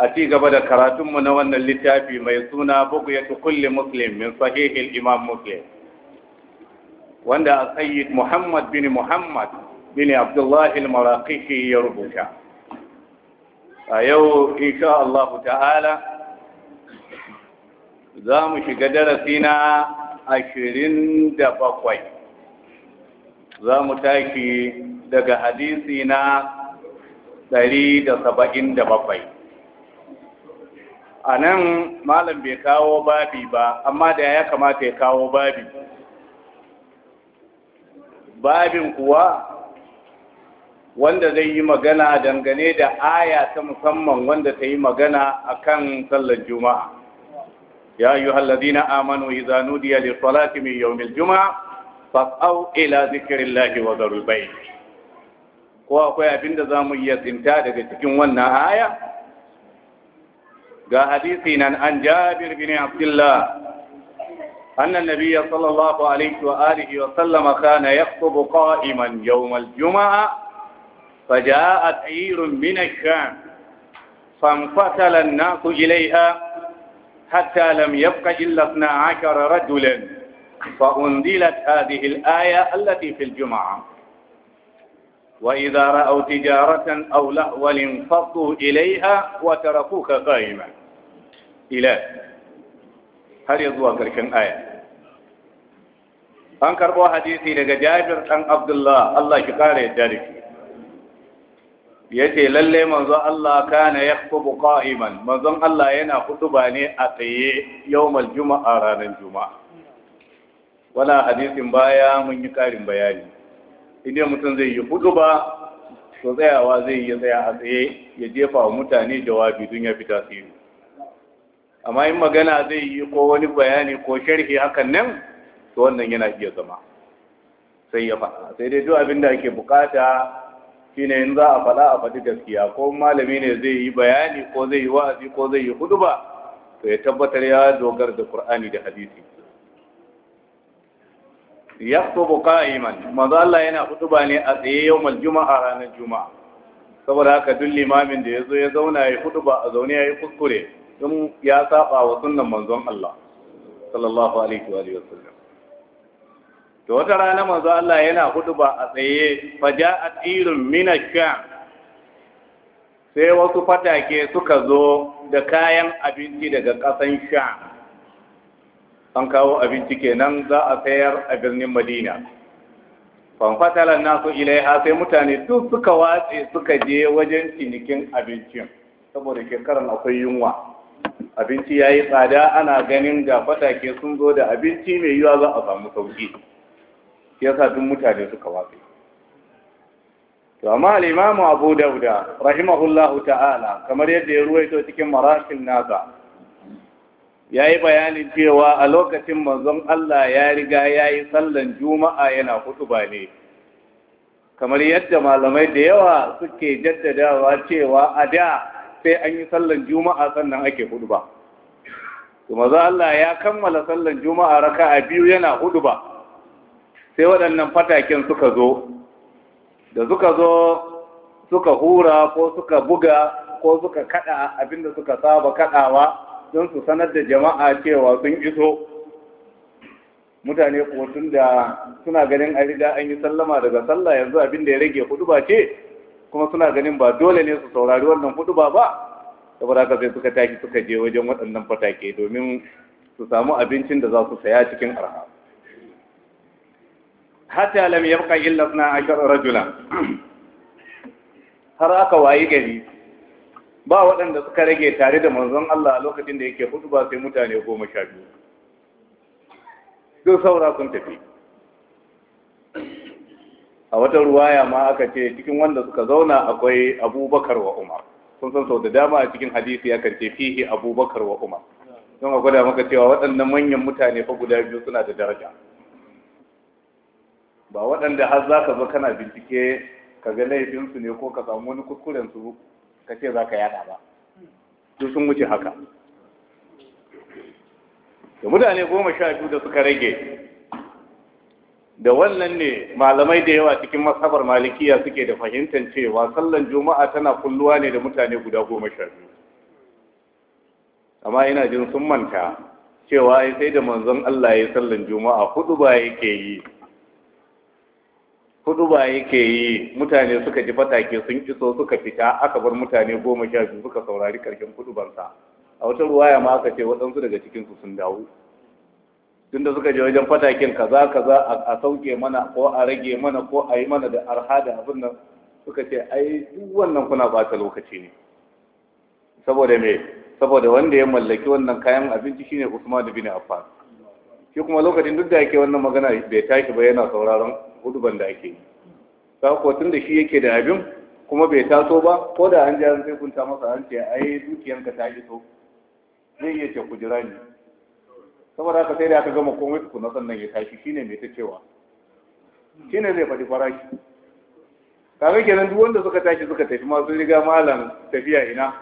a ci gaba da karatunmu na wannan littafi mai suna bugu ya kulli muslim min sahihil imam muslim wanda a sayyid muhammad bin muhammad bin abdullahi al-maraqishi ya rubuta a yau insha Allah ta'ala za mu shiga darasi na ashirin da bakwai za mu tashi daga hadisi na ɗari da saba'in da bakwai a nan malam bai kawo babi ba amma da ya kamata ya kawo babi babin kuwa wanda zai yi magana dangane da aya ta musamman wanda ta yi magana a kan sallar juma'a ya yi halladina amanu idza diya da salati yau mil juma'a fas'au ila zikrillahi wa dharul ko akwai abinda za mu iya tsinta daga cikin wannan aya جاء حديثنا عن جابر بن عبد الله أن النبي صلى الله عليه وآله وسلم كان يخطب قائما يوم الجمعة فجاءت عير من الشام فانفصل الناس إليها حتى لم يبق إلا اثنا عشر رجلا فأنزلت هذه الآية التي في الجمعة وإذا رأوا تجارة أو لهوا انفضوا إليها وتركوك قائما ila har ya zuwa ƙarshen aya an karɓo hadisi daga jabir ɗan abdullah Allah shi ƙara yadda da shi ya ce lalle manzo Allah kana ya kubu ƙa'iman manzon Allah yana hutuba ne a tsaye yawmal juma'a ranar juma'a wala hadisin baya mun yi ƙarin bayani idan mutum zai yi hutuba to tsayawa zai yi tsaya a tsaye ya jefa wa mutane jawabi dun ya fi tasiri amma in magana zai yi ko wani bayani ko sharhi hakan nan to wannan yana iya zama sai ya faɗa sai dai duk abin da ake bukata shine in za a faɗa a faɗi gaskiya ko malami ne zai yi bayani ko zai yi wa'azi ko zai yi huduba to ya tabbatar ya dogara da Qur'ani da hadisi yi man. manzo Allah yana huduba ne a tsaye yau mal juma'a ranar juma'a saboda haka duk limamin da ya zo ya zauna ya huduba a zaune ya yi kuskure in ya saba wa sunnan manzon Allah sallallahu alaihi wa sallam to wata rana manzo Allah yana huduba a tsaye faja'at irin minaka sai wasu fatake suka zo da kayan abinci daga kasan sha an kawo abinci kenan za a sayar a birnin Madina fanfatalan nasu ilaiha sai mutane duk suka watse suka je wajen cinikin abincin saboda shekaran akwai yunwa abinci ya yi tsada ana ganin ga fatake sun zo da abinci mai yiwa za a samu sauki sa duk mutane suka watsi to amma al'imamu abu dauda rahimahullahu ta'ala kamar yadda ya ruwaito cikin marashin nasa ya yi bayanin cewa a lokacin manzon Allah ya riga ya yi sallan juma'a yana ba ne kamar yadda malamai da yawa suke jaddadawa cewa a da sai an yi sallan juma'a sannan ake hudu ba kuma maza Allah ya kammala sallan juma'a raka a biyu yana hudu ba sai waɗannan fataken suka zo da suka zo suka hura ko suka buga ko suka kada abinda suka saba kaɗawa, don su sanar da jama'a cewa sun iso mutane kuwa tun da suna ganin a riga an yi sallama daga sallah yanzu abinda ya rage hudu ba ce kuma suna ganin ba dole ne su saurari wannan hudu ba ba saboda haka sai suka tashi suka je wajen waɗannan fatake domin su samu abincin da za su saya cikin arha hatta lam yabqa illa 12 rajula har aka wayi gari ba waɗanda suka rage tare da manzon Allah a lokacin da yake hudu ba sai mutane goma sha biyu duk saura sun tafi a wata ruwaya ma aka ce cikin wanda suka zauna akwai abubakar wa umar sun san sau da dama a cikin hadisi ya ce fihi abubakar wa umar don a gwada maka cewa waɗannan manyan mutane fa guda biyu suna da daraja ba waɗanda har za ka zo kana bincike ka ga laifinsu ne ko ka samu wani kuskuren su ka ce za ka yada ba su sun wuce haka da mutane goma sha biyu da suka rage da wannan ne malamai da yawa cikin masabar malikiya suke da fahimtar cewa sallan juma'a tana kulluwa ne da mutane guda goma sha biyu amma ina jin sun manta cewa ai sai da manzon Allah ya sallan juma'a hudu ba yake yi hudu ba yake yi mutane suka ji fatake sun iso suka fita aka bar mutane goma sha biyu suka saurari karshen hudu bansa a wata ruwaya ma aka ce waɗansu daga cikinsu sun dawo tunda suka je wajen fatakin kaza kaza a sauke mana ko a rage mana ko a yi mana da arha da abin nan suka ce ai duk wannan kuna bata lokaci ne saboda me saboda wanda ya mallaki wannan kayan abinci shine Usman bin Affan shi kuma lokacin duk da yake wannan magana bai tashi ba yana sauraron huduban da ake yi ta ko tunda shi yake da abin kuma bai taso ba ko da an ji an sai kunta masa an ce ai dukiyanka ta iso zai iya ce ku ni saboda haka sai da aka gama komai tukuna sannan ya tashi shine mai ta cewa shine zai faɗi farashi kaga kenan duk wanda suka tashi suka tafi ma sun riga malam tafiya ina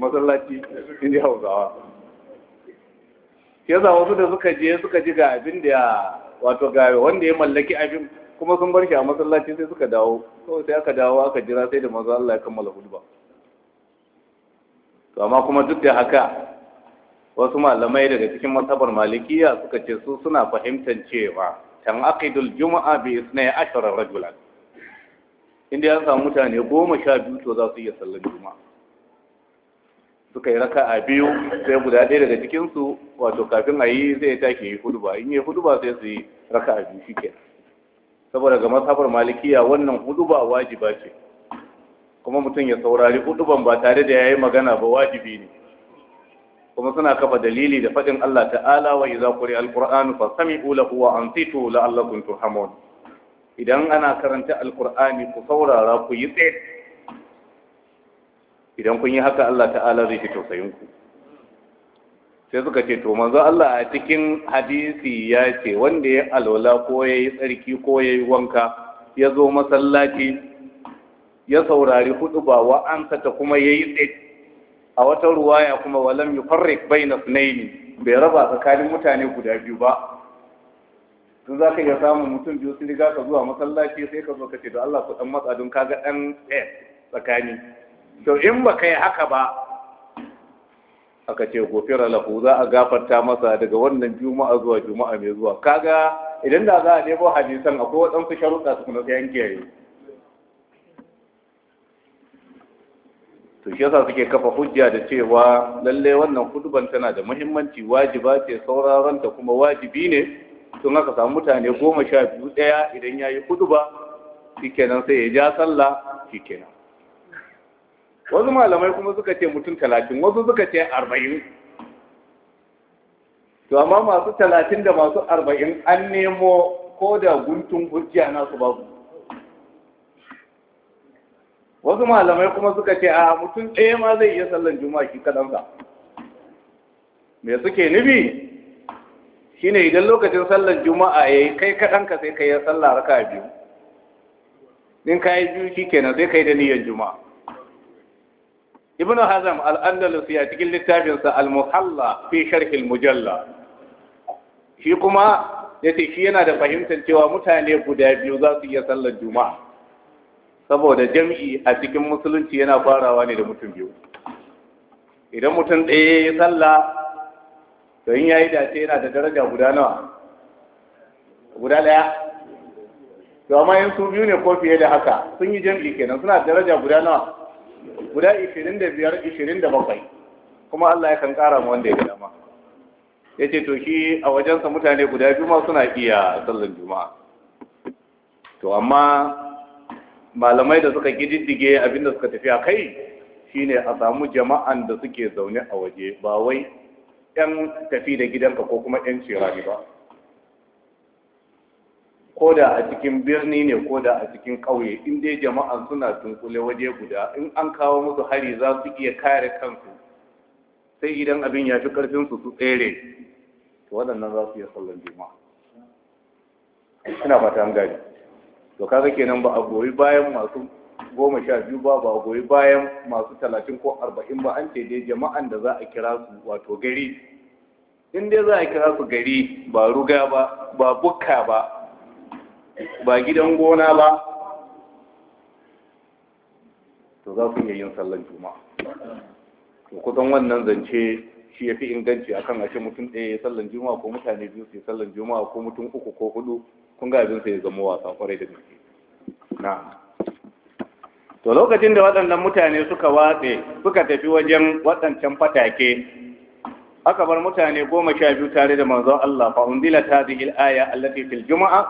masallaci in ji hausawa za wasu da suka je suka ji ga abin da wato ga wanda ya mallaki abin kuma sun bar shi a masallaci sai suka dawo kawai sai aka dawo aka jira sai da maza Allah ya kammala hudba to amma kuma duk da haka wasu malamai daga cikin masabar malikiya suka ce su suna fahimtar cewa tan aqidul juma'a bi isnai ashara rajulan inda ya samu mutane goma sha biyu to za su iya sallan juma'a suka yi raka a biyu sai guda ɗaya daga cikinsu wato kafin a yi zai tashi yi huduba in yi huduba sai su yi raka a biyu shike saboda ga masabar malikiya wannan huduba wajiba ce kuma mutum ya saurari huduban ba tare da ya yi magana ba wajibi ne kuma suna kafa dalili da faɗin Allah ta'ala wa idza quri'a al-qur'anu fastami'u lahu wa ansitu la'allakum turhamun idan ana karanta al ku saurara ku yi tsaye idan kun yi haka Allah ta'ala zai fito sayin sai suka ce to manzo Allah a cikin hadisi ya ce wanda ya alwala ko ya yi tsarki ko ya yi wanka ya zo masallaci ya saurari hudu ba wa'ansa ta kuma ya yi tsaye a wata ruwaya kuma walam yufarriq baina sunaini bai raba tsakanin mutane guda biyu ba tun za ka iya samun mutum biyu sun riga ka zuwa masallaci sai ka zo ka ce da Allah ku dan matsa don kaga dan eh tsakani to in ba kai haka ba aka ce gofira lahu za a gafarta masa daga wannan juma'a zuwa juma'a mai zuwa kaga idan da za a nemo hadisan akwai waɗansu sharuɗa su kuma sai an to shi yasa suke kafa hujja da cewa lalle wannan kutuban tana da muhimmanci wajiba ce sauraron ta kuma wajibi ne tun aka samu mutane goma sha biyu ɗaya idan ya yi kutuba shikenan sai ya ja sallah shikenan wasu malamai kuma suka ce mutum talatin wasu suka ce arba'in to amma masu talatin da masu arba'in an nemo ko da guntun hujja nasu babu wasu malamai kuma suka ce a mutum ɗaya ma zai iya sallan juma'a shi kaɗansa me suke nufi shine idan lokacin sallan juma'a ya yi kai kaɗanka sai ka yi sallah raka biyu in ka yi biyu shi kenan sai ka yi da niyyar juma'a ibnu hazam al-andalus ya cikin littafinsa al-muhalla fi sharhil mujalla shi kuma yace shi yana da fahimtar cewa mutane guda biyu za su iya sallar juma'a saboda jam'i a cikin musulunci yana farawa ne da mutum biyu idan mutum ɗaya ya sallah to in yayi dace yana da daraja guda nawa guda ɗaya to amma yin su biyu ne ko fiye da haka sun yi jam'i kenan suna daraja guda nawa guda ishirin da biyar ishirin da bakwai kuma Allah Ya kan ƙara ma wanda ya dama ya ce to shi a wajensa mutane guda biyu ma suna iya sallan juma'a to amma malamai da suka kididdige da suka tafi a kai shine a samu jama'an da suke zaune a waje ba wai yan tafi da gidanka ko kuma yan cirani ba ko da a cikin birni ne ko da a cikin ƙauye in dai jama'an suna tunkule waje guda in an kawo musu hari za su iya kare kansu sai idan abin ya fi ƙarfinsu su tsere to waɗannan za su iya sallar jima'a. ina fata an gari to kaga kenan ba a goyi bayan masu goma sha biyu ba ba a goyi bayan masu talatin ko arba'in ba an ce dai jama'an da za a kira su wato gari in dai za a kira su gari ba ruga ba ba bukka ba ba gidan gona ba to za su iya yin sallan juma'a to kusan wannan zance shi ya fi inganci akan ashe mutum ɗaya ya sallan juma'a ko mutane biyu su yi sallan juma'a ko mutum uku ko hudu kun ga abin sai ya zama wasa kwarai da gaske na to lokacin da waɗannan mutane suka watse suka tafi wajen waɗancan fatake aka bar mutane goma sha biyu tare da manzon Allah fa undila ta al-aya allati fil juma'a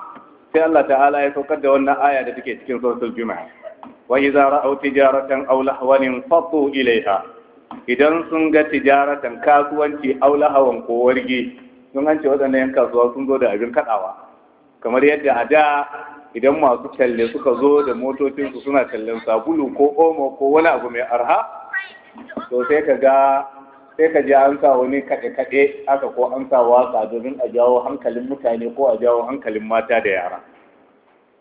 sai Allah ta'ala ya saukar da wannan aya da take cikin suratul juma'a wa idza ra'u tijaratan aw lahwan fatu ilaiha idan sun ga tijaratan kasuwanci aw lahwan ko wargi sun an ce waɗannan yan kasuwa sun zo da abin kadawa kamar yadda a da idan masu talle suka zo da motocinsu suna tallen sabulu ko omo ko wani abu mai arha to sai ka ga sai ka ji an sa wani kaɗe-kaɗe haka ko an sa waka domin a jawo hankalin mutane ko a jawo hankalin mata da yara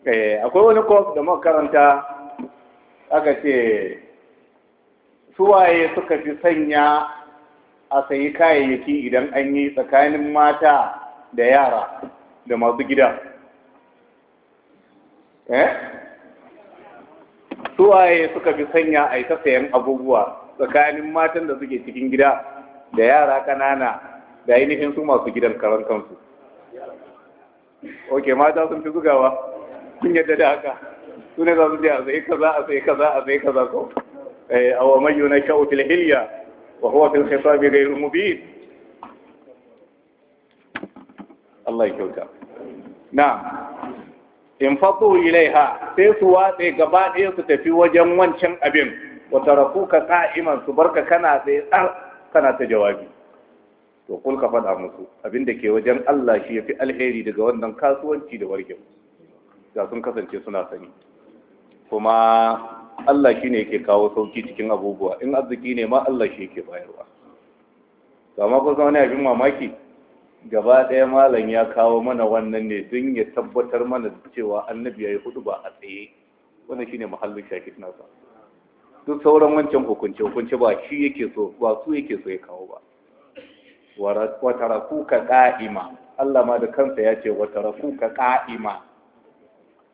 eh, akwai wani kof da makaranta aka ce suwaye suka fi sanya a sayi kayayyaki idan an yi tsakanin mata da yara da masu gida eh suwaye suka fi sanya a ta sayan abubuwa tsakanin matan da suke cikin gida da yara ƙanana da ainihin su masu gidan karan kansu ok mata sun fi zugawa kun yadda da haka su ne za su je a sai kaza a sai kaza a sai kaza ko eh, a wa mayu na kyau fil hilya wa huwa fil khisabi ghayr mubin Allah ya kyauta na in faɗo ilaiha sai su watse gaba ɗaya su tafi wajen wancan abin wata rafu ka sa iman su barka kana tsaye tsar kana ta jawabi to kul ka faɗa musu abin da ke wajen Allah shi ya fi alheri daga wannan kasuwanci da warke Ga sun kasance suna sani kuma Allah shi ne yake kawo sauki cikin abubuwa in arziki ne ma Allah shi yake bayarwa Ga ma kun wani abin mamaki gaba ɗaya malam ya kawo mana wannan ne don ya tabbatar mana cewa annabi ya yi hudu ba a tsaye wannan shine mahallin shakit nasa duk sauran wancan hukunce hukunce ba shi yake so ba su yake so ya kawo ba wa tarakuka ka'ima Allah ma da kansa ya ce wa tarakuka ka'ima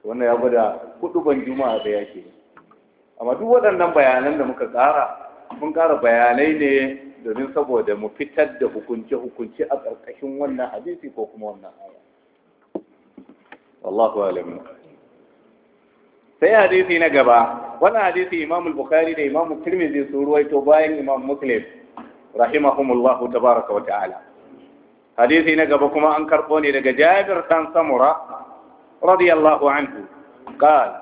wannan ya gwada hudu ban juma'a da yake amma duk waɗannan bayanan da muka tsara mun ƙara bayanai ne domin saboda mu fitar da hukunce-hukunce a ƙarƙashin wannan hadisi ko kuma wannan aya wallahu alamin sai hadisi na gaba wannan hadisi imamu bukhari da imamu tirmidhi sun ruwaito bayan imam muslim rahimahumullahu tabaraka wa ta'ala hadisi na gaba kuma an karɓo ne daga jabir dan samura radiyallahu anhu قال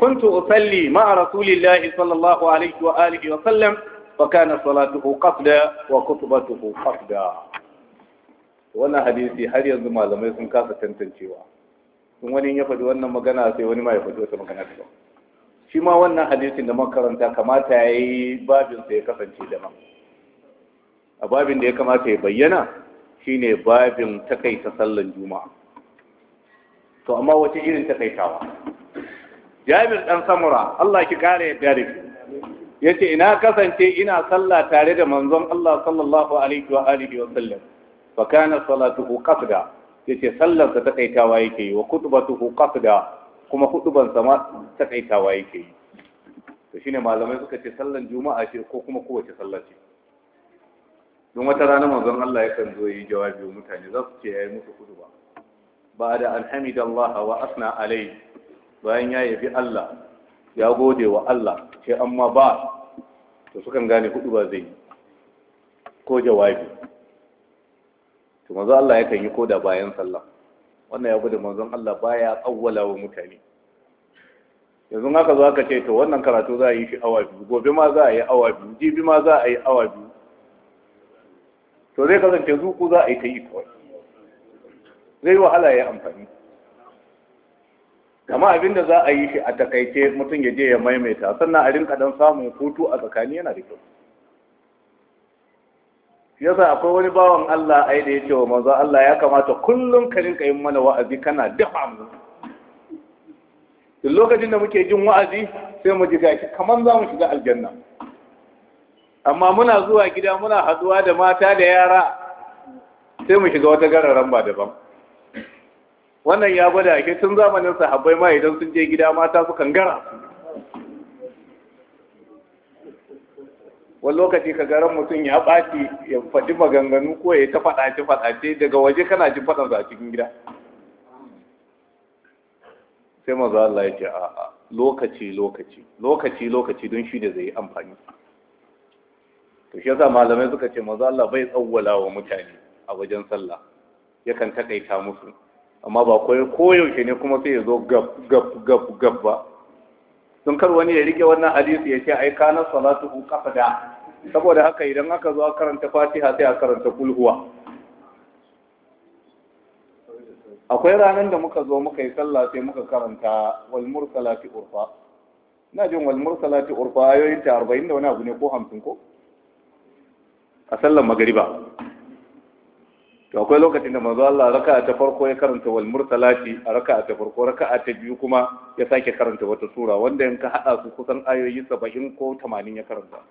كنت أصلي مع رسول الله صلى الله عليه وآله وسلم فكان صلاته قصدا وخطبته قصدا wannan hadisi har yanzu malamai sun kasa tantancewa in wani ya faɗi wannan magana sai wani ma ya faɗi wata magana ta shi ma wannan hadisin da makaranta kamata ya yi babinsa ya kasance da nan a babin da ya kamata ya bayyana shine babin takaita sallan juma'a to amma wace irin takaitawa jabir dan samura Allah ki kare ya dare Ya ce ina kasance ina sallah tare da manzon Allah sallallahu alaihi wa alihi wa sallam fa kana salatuhu qasda yace sallar sa takaitawa yake yi wa khutbatuhu qasda kuma khutban sa ma takaitawa yake yi to shine malamai suka ce sallan juma'a ce ko kuma kowace sallah ce don wata rana manzon Allah yakan zo yi jawabi wa mutane za su ce yayi musu khutba ba da alhamdulillah wa asna alai bayan ya yabi Allah ya gode wa Allah sai amma ba to kan gane hudu ba zai ko jawabi to manzo Allah yakan yi koda bayan sallah wannan ya gode manzon Allah baya kawwala wa mutane yanzu haka zo aka ce to wannan karatu za a yi shi awa biyu gobe ma za a yi awa biyu jibi ma za a yi awa biyu to zai kasance zuku za a yi ta yi kawai zai wahala ya amfani kama abin da za a yi shi a takaice mutum ya je ya maimaita sannan a rinka dan samun hutu a tsakani yana da kyau yasa akwai wani bawan Allah ai da ya ce wa manzo Allah ya kamata kullum ka rinka yin mana wa'azi kana dafa mu duk lokacin da muke jin wa'azi sai mu ji gashi kamar za mu shiga aljanna amma muna zuwa gida muna haduwa da mata da yara sai mu shiga wata gararan ba daban wannan ya gwada ake tun zamanin sahabbai ma idan sun je gida mata su kangara wani lokaci ka garan mutum ya ɓaci ya faɗi maganganu ko ya ta faɗace faɗace daga waje kana jin faɗansa a cikin gida sai maza Allah ya ce a lokaci lokaci lokaci lokaci don shi da zai yi amfani to shi yasa malamai suka ce maza Allah bai tsawwala wa mutane a wajen sallah yakan takaita musu amma ba koyaushe ne kuma sai ya zo gab gab gab ba sun kar wani ya rike wannan hadisi ya ce aika na salatu ku da saboda haka idan aka zo a karanta fatiha sai a karanta kulhuwa akwai ranar da muka zo muka yi sallah sai muka karanta walmur salati urfa ina jin walmur salati urfa ayoyin ta 40 da wani abu ne ko 50 ko a sallan magariba to akwai lokacin da manzo Allah raka'a ta farko ya karanta wal mursalati a raka'a ta farko raka'a ta biyu kuma ya sake karanta wata sura wanda in ka hada su kusan ayoyi 70 ko 80 ya karanta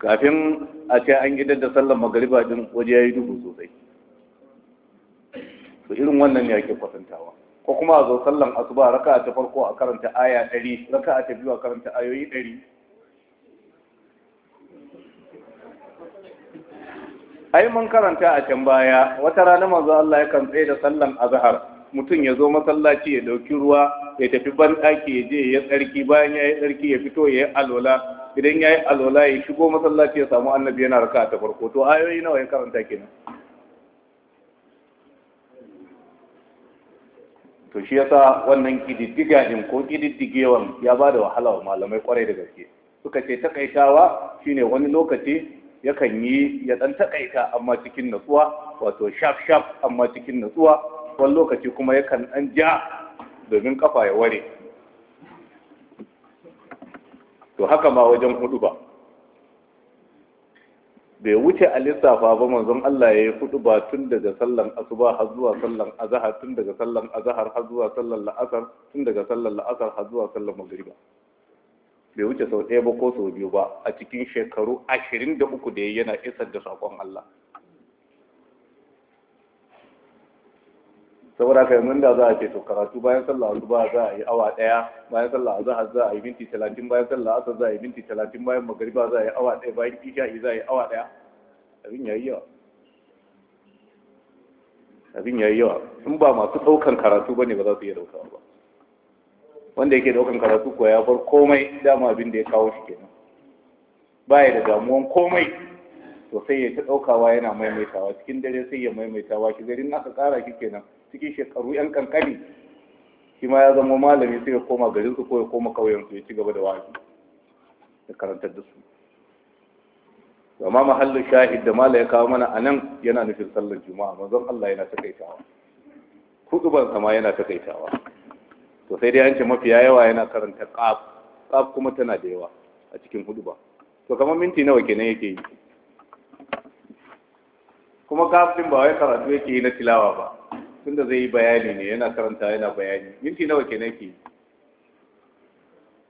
kafin a ce an gidan da sallar magariba din waje yayi duhu sosai to irin wannan ne yake kwatantawa ko kuma a zo sallan asuba raka'a ta farko a karanta aya 100 raka'a ta biyu a karanta ayoyi 100 ai mun karanta a can baya wata rana manzo Allah yakan tsaye da sallan azhar mutum ya zo masallaci ya dauki ruwa ya tafi banɗaki ya je ya tsarki bayan ya yi tsarki ya fito ya yi alola idan ya yi alola ya shigo masallaci ya samu annabi yana raka ta farko to ayoyi nawa ya karanta kenan to shi yasa wannan kididdiga din ko kididdigewan ya ba da wahala wa malamai kwarai da gaske suka ce takaitawa shine wani lokaci yakan yi ya ɗan taƙaita amma cikin natsuwa wato shaf shaf amma cikin natsuwa wani lokaci kuma yakan ɗan ja domin kafa ya ware to haka ma wajen hudu ba bai wuce a lissafa ba manzon Allah ya yi hudu ba tun daga sallan asuba har zuwa sallan azahar tun daga sallan azahar har zuwa sallan la'asar tun daga sallan la'asar har zuwa sallan magriba bai wuce sau ɗaya ba ko sau biyu ba a cikin shekaru ashirin da uku da ya yana isar da saƙon Allah saboda ka yanzu da za a ce to karatu bayan sallah ba za a yi awa ɗaya bayan sallah azhar za a yi minti talatin bayan sallah asar za a yi minti talatin bayan magariba za a yi awa ɗaya bayan isha'i za a yi awa ɗaya abin ya yi yawa abin ya yi yawa in ba masu ɗaukan karatu ba ne ba za su iya ɗaukawa ba wanda yake daukan karatu kuwa ya bar komai dama abin da ya kawo shi kenan ba ya da damuwan komai to sai ya ta daukawa yana maimaitawa cikin dare sai ya maimaitawa shi garin aka kara shi kenan cikin shekaru yan kankani shi ma ya zama malami sai ya koma garin su ko ya koma kauyen su ya ci gaba da wa'azi da karantar da su amma mahallin shahid da mala ya kawo mana a nan yana nufin sallar juma'a manzon Allah yana takaitawa hudu sama yana takaitawa to sai dai an ce mafiya yawa yana karanta qaf qaf kuma tana da yawa a cikin ba. to kamar minti nawa kenan yake yi kuma qaf din ba wai karatu yake yi na tilawa ba tunda zai yi bayani ne yana karanta yana bayani minti nawa kenan yake yi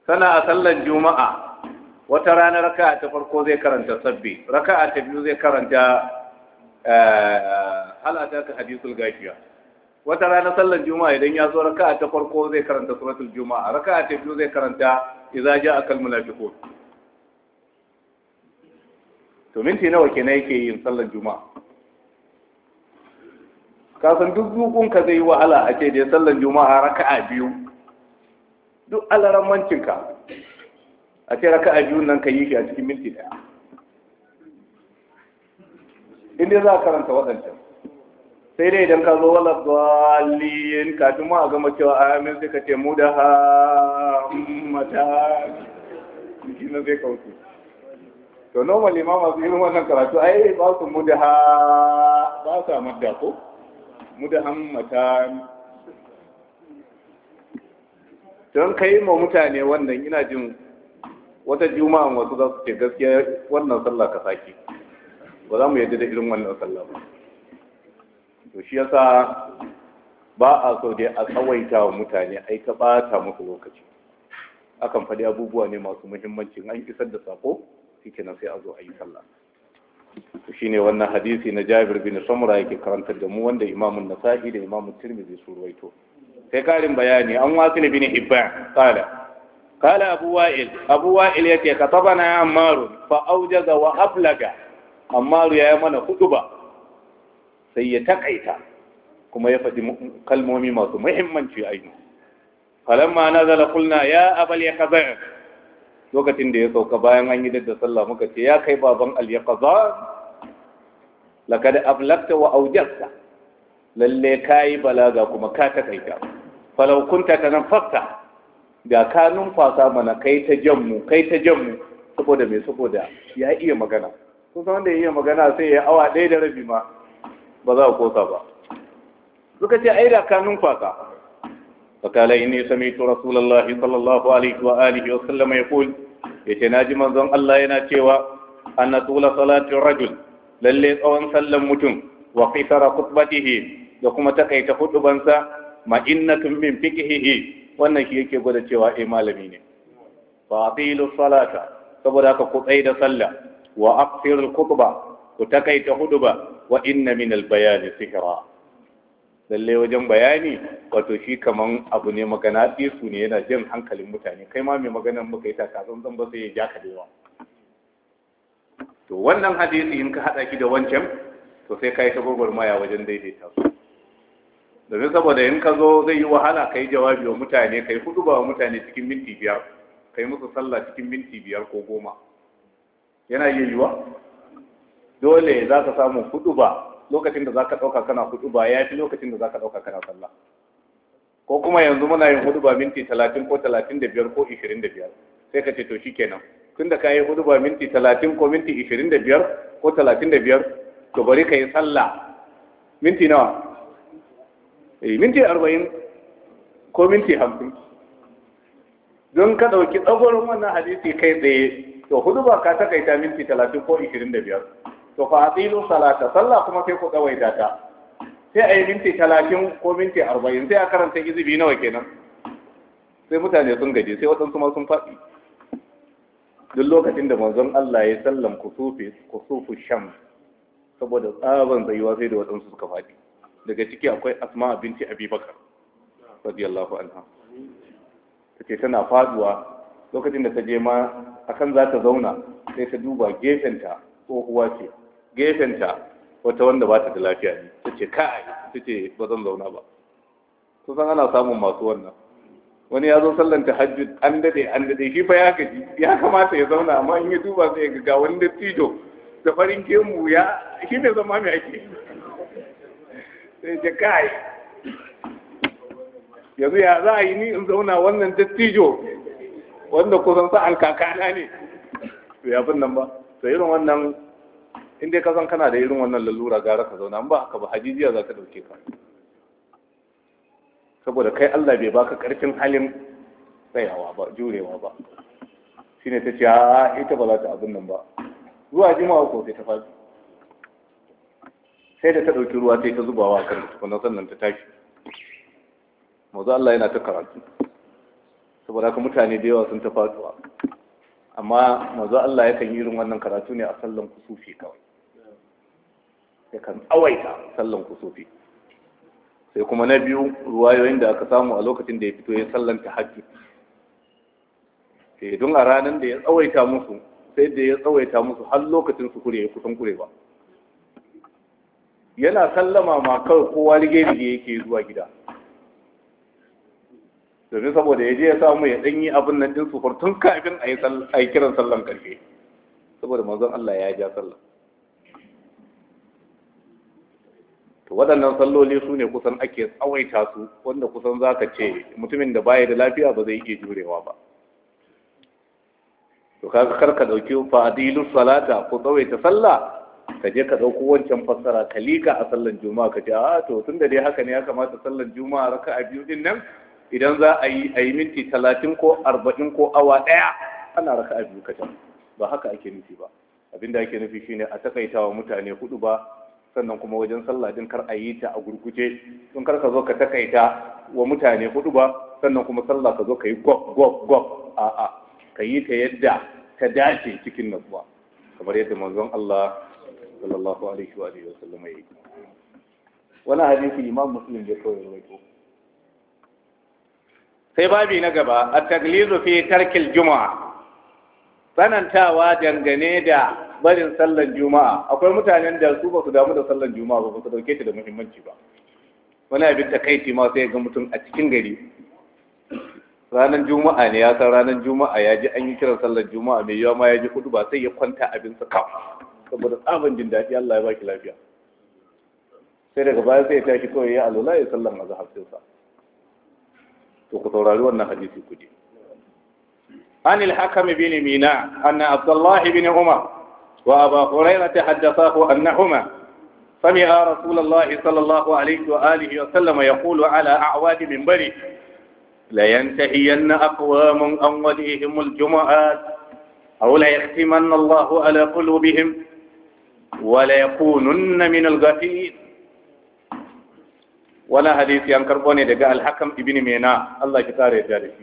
sana a sallan juma'a wata rana raka'a ta farko zai karanta sabbi raka'a ta biyu zai karanta eh, hal ataka hadithul gafiya wata rana sallar juma'a idan ya zo raka'a ta farko zai karanta suratul juma'a raka'a ta biyu zai karanta idza ja'a kal munafiqun to minti nawa kenan yake yin sallar juma'a ka san duk dukun ka zai wahala a ce da sallar juma'a raka'a biyu duk mancin ka a ce raka'a biyu nan ka yi shi a cikin minti daya in za a karanta waɗancan sai dai idan ka zo wala dalilin ka tuma a gama cewa amin sai ka ce mu da ha mata shi na zai kauce to normally ma masu irin wannan karatu ai ba su mu da ha ba sa madda ko mu da mata don kai ma mutane wannan ina jin wata juma'an wasu za su ce gaskiya wannan sallah ka saki ba za mu yadda da irin wannan sallah ba to shi yasa ba a so dai a tsawaita wa mutane ai ta bata musu lokaci akan faɗi abubuwa ne masu muhimmanci an isar da sako na sai a zo a yi sallah to shine wannan hadisi na Jabir bin Samura yake karantar da mu wanda imamun Nasa'i da imamun Tirmidhi su ruwaito sai karin bayani an ne bin Hibban qala qala Abu Wa'il Abu Wa'il yake katabana Ammaru fa aujaza wa aflaga Ammaru ya yi mana hutuba sai ya takaita kuma ya faɗi kalmomi masu muhimmanci ainu falamma zala kulna ya abal kaza lokacin da ya sauka bayan an yi da sallah muka ce ya kai baban al yaqzar da ablaqta wa awjasta lalle kai balaga kuma ka takaita falau kunta fakta. da ka numfasa mana kai ta janmu kai ta janmu saboda mai saboda ya iya magana kun san wanda ya iya magana sai ya awa ɗaya da rabi ma ba za a kosa ba suka ce ai da ka numfasa fakala inni samitu rasulullahi sallallahu alaihi wa wa sallam yaqul yace naji manzon Allah yana cewa anna tula salati rajul lallai tsawon sallan mutum wa qisara khutbatihi da kuma takaita khutubansa ma innakum min fiqhihi wannan shi yake gwada cewa eh malami ne fa atilu salata saboda ka kutsai da sallah wa aqsir al khutba ku takaita khutuba wa inna min albayani sihra lalle wajen bayani wato shi kaman abu ne magana su ne yana jin hankalin mutane kai ma mai magana muka yi taka zan ba sai ya ja ka da to wannan hadisi in ka hada ki da wancan to sai ka yi ta gwagwarmaya wajen daidaita su domin saboda in ka zo zai yi wahala ka yi jawabi wa mutane ka yi hudu ba wa mutane cikin minti biyar ka yi musu sallah cikin minti biyar ko goma yana iya yiwuwa dole za ka samu hudu ba lokacin da za ka ɗauka kana hudu ba ya fi lokacin da za ka ɗauka kana sallah ko kuma yanzu muna yin hudu ba minti talatin ko talatin da biyar ko ishirin da biyar sai ka ce to shi kenan tun da ka yi hudu ba minti talatin ko minti ishirin da biyar ko talatin da biyar to bari ka yi sallah minti nawa eh minti arba'in ko minti hamsin don ka ɗauki tsagorin wannan hadisi kai tsaye to hudu ba ka takaita minti talatin ko ishirin da biyar to fa atilu salata sallah kuma sai ku tsawaita ta sai a yi minti talatin ko minti arba'in sai a karanta izibi nawa kenan sai mutane sun gaji sai waɗansu ma sun faɗi duk lokacin da manzon Allah ya sallam kusufi kusufu sham saboda tsaban tsayuwa sai da waɗansu suka faɗi daga ciki akwai asma binti Abibakar. radiyallahu anha tana faduwa lokacin da ta je ma akan za ta zauna sai ta duba gefenta uwa ce gefenta wata wanda ba ta da lafiya ne ta ce kai ta ce ba zan zauna ba san ana samun masu wannan wani ya zo sallan tahajjud an dade an dade shi fa ya gaji ya kamata ya zauna amma in ya duba sai ya ga wani dattijo da farin gemu ya shi ne zama mai ake sai ce kai yanzu ya za a yi ni in zauna wannan dattijo wanda kusan sa'an kakana ne to ya bin nan ba sai irin wannan in dai ka san kana da irin wannan lalura gara ka zauna ba haka ba hajijiya za ta dauke ka saboda kai Allah bai baka karfin halin tsayawa ba jurewa ba shine ta ce a ita ba za ta abin nan ba zuwa jimawa ko sai ta faɗi sai da ta ɗauki ruwa sai ta zubawa kan tukunan sannan ta tashi mazu Allah yana ta karatu saboda haka mutane da yawa sun ta faɗuwa amma mazu Allah yakan yi irin wannan karatu ne a sallan kusufi kawai yakan tsawaita sallan kusufi sai kuma na biyu ruwayoyin da aka samu a lokacin da ya fito ya sallan tahajjud sai eh, don a ranar da ya tsawaita musu sai da ya tsawaita musu har lokacin su kure ya kusan kure ba yana sallama ma kawai kowa rige-rige yake zuwa gida domin saboda ya je ya samu ya yi abin nan ɗin su tun kafin a yi kiran sallan ƙarfe saboda manzon Allah ya ja sallan to waɗannan salloli su ne kusan ake tsawaita su wanda kusan za ka ce mutumin da baya da lafiya ba zai iya jurewa ba to kaga kar ka ɗauki fadilu salata ko tsawaita sallah ka je ka ɗauko wancan fassara ka liƙa a sallan juma'a ka ce a ah, to tun da dai haka ne ya kamata sallan juma'a raka a biyu din nan idan za a yi a yi minti talatin ko arba'in ko awa ɗaya ana raka a biyu ka ba haka ake nufi ba abinda ake nufi shine a takaitawa mutane hudu ba sannan kuma wajen sallah din kar a yi ta a gurguje sun kar ka zo ka takaita wa mutane hudu ba sannan kuma sallah ka zo ka yi gob gob gob a a ka yi ta yadda ta dace cikin natsuwa. kamar yadda manzon Allah sallallahu alaihi wa alihi wasallam ya yi wani hadisi imam muslim ya koyar rawaito sai babi na gaba at-taglizu fi tarkil juma'a. tsanantawa dangane da barin sallar juma'a akwai mutanen da su ba su damu da sallar juma'a ba su dauke ta da muhimmanci ba wani abin da kai ma sai ga mutum a cikin gari ranar juma'a ne ya san ranar juma'a ya ji an yi kiran sallar juma'a mai yawa ma ya ji hudu ba sai ya kwanta abin sa kaf saboda tsaban jin daɗi Allah ya baki lafiya sai daga baya sai ya tashi kawai ya alula ya sallar maza sa to ku saurari wannan hadisi ku je عن الحكم بن ميناء أن عبد الله بن عمر وأبا هريرة حدثاه أنهما سمع رسول الله صلى الله عليه وآله وسلم يقول على أعواد منبره لينتهين أقوام عن وليهم الجمعات أو ليختمن الله على قلوبهم وليكونن من الغافلين ولا حديث ينكر بني الحكم ابن مينا الله كتار ذلك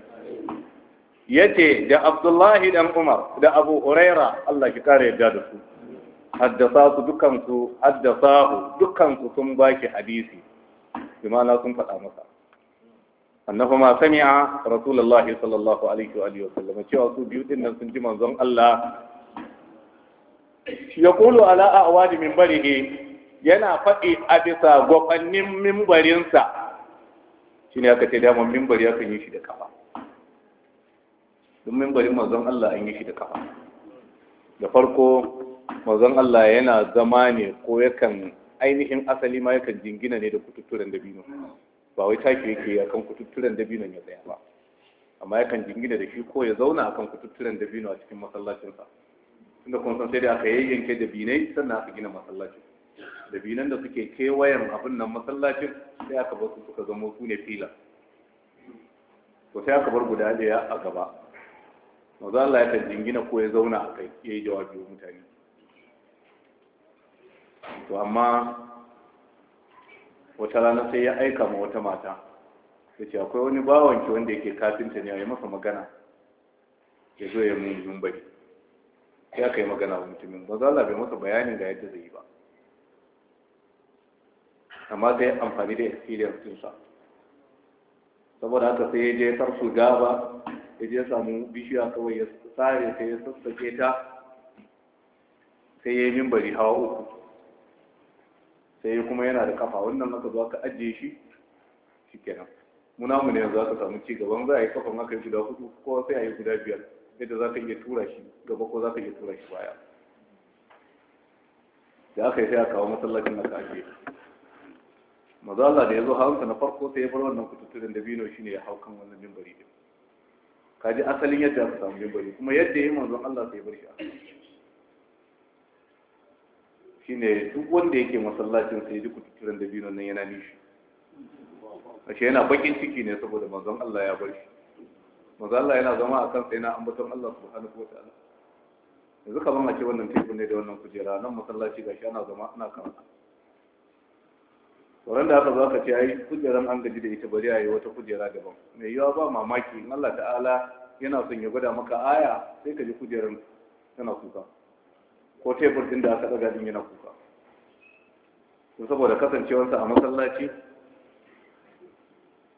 yace da Abdullahi dan Umar da Abu Huraira Allah ki kare yadda da su haddasa su dukkan su haddasa su su sun baki hadisi bimana sun faɗa masa annahu ma sami'a rasulullahi sallallahu alaihi wa alihi sallam cewa su biyu din nan sun ji manzon Allah Ya kulu ala awadi min barihi yana faɗi a bisa gwafannin mimbarinsa shine aka ce damar mimbari akan yi shi da kafa don mimbarin mazan Allah an yi shi da kafa da farko mazan Allah yana zama ne ko yakan ainihin asali ma yakan jingina ne da kututturen dabino ba wai taki yake akan kututturen dabino ya tsaya ba amma yakan jingina da shi ko ya zauna akan kututturen dabino a cikin masallacinsa inda kun san sai da aka yayyanke dabinai sannan aka gina masallacin dabinan da suke kewayen abin nan masallacin sai aka bar su suka zama su ne fila to sai aka bar guda daya a gaba manzo Allah ya kan jingina ko ya zauna a kai ya yi jawabi wa mutane to amma wata rana sai ya aika ma wata mata ya ce akwai wani bawanki wanda yake kafinta ne a yi masa magana ya zo ya mun bari ya kai magana wa mutumin ba za bai masa bayanin ga yadda zai yi ba amma zai amfani da experience ɗinsa saboda haka sai ya je tarsu gaba ya je samu bishiya kawai ya tsare sai ya sassake ta sai ya yi mimbari hawa uku sai kuma yana da kafa wannan maka za ka ajiye shi shi kenan muna mu ne yanzu aka samu ci gaban za a yi kafan aka yi guda hudu ko sai a yi guda biyar yadda za ka iya tura shi gaba ko za ka iya tura shi baya da aka yi sai a kawo masallacin aka ajiye mazala da ya zo hawanka na farko sai ya bar wannan kututturin da bino shine ya hau kan wannan mimbari din kaji asalin yadda aka samu bari kuma yadda ya yi manzon Allah sai bari shi a shi ne duk wanda yake masallacin sai duk kututturen da biyu nan yana nishi ashe yana bakin ciki ne saboda manzon Allah ya bari manzon Allah yana zama a kansa yana ambaton Allah subhanahu wa ta'ala yanzu kaman a ce wannan tebur ne da wannan kujera nan masallaci gashi ana zama ana karatu sauran da haka za ka ce ai kujeran an gaji da ita bari a yi wata kujera daban mai yiwa ba mamaki in Allah ta'ala yana son ya gwada maka aya sai ka ji kujeran tana kuka ko tebur din da aka daga din yana kuka to saboda kasancewarsa a masallaci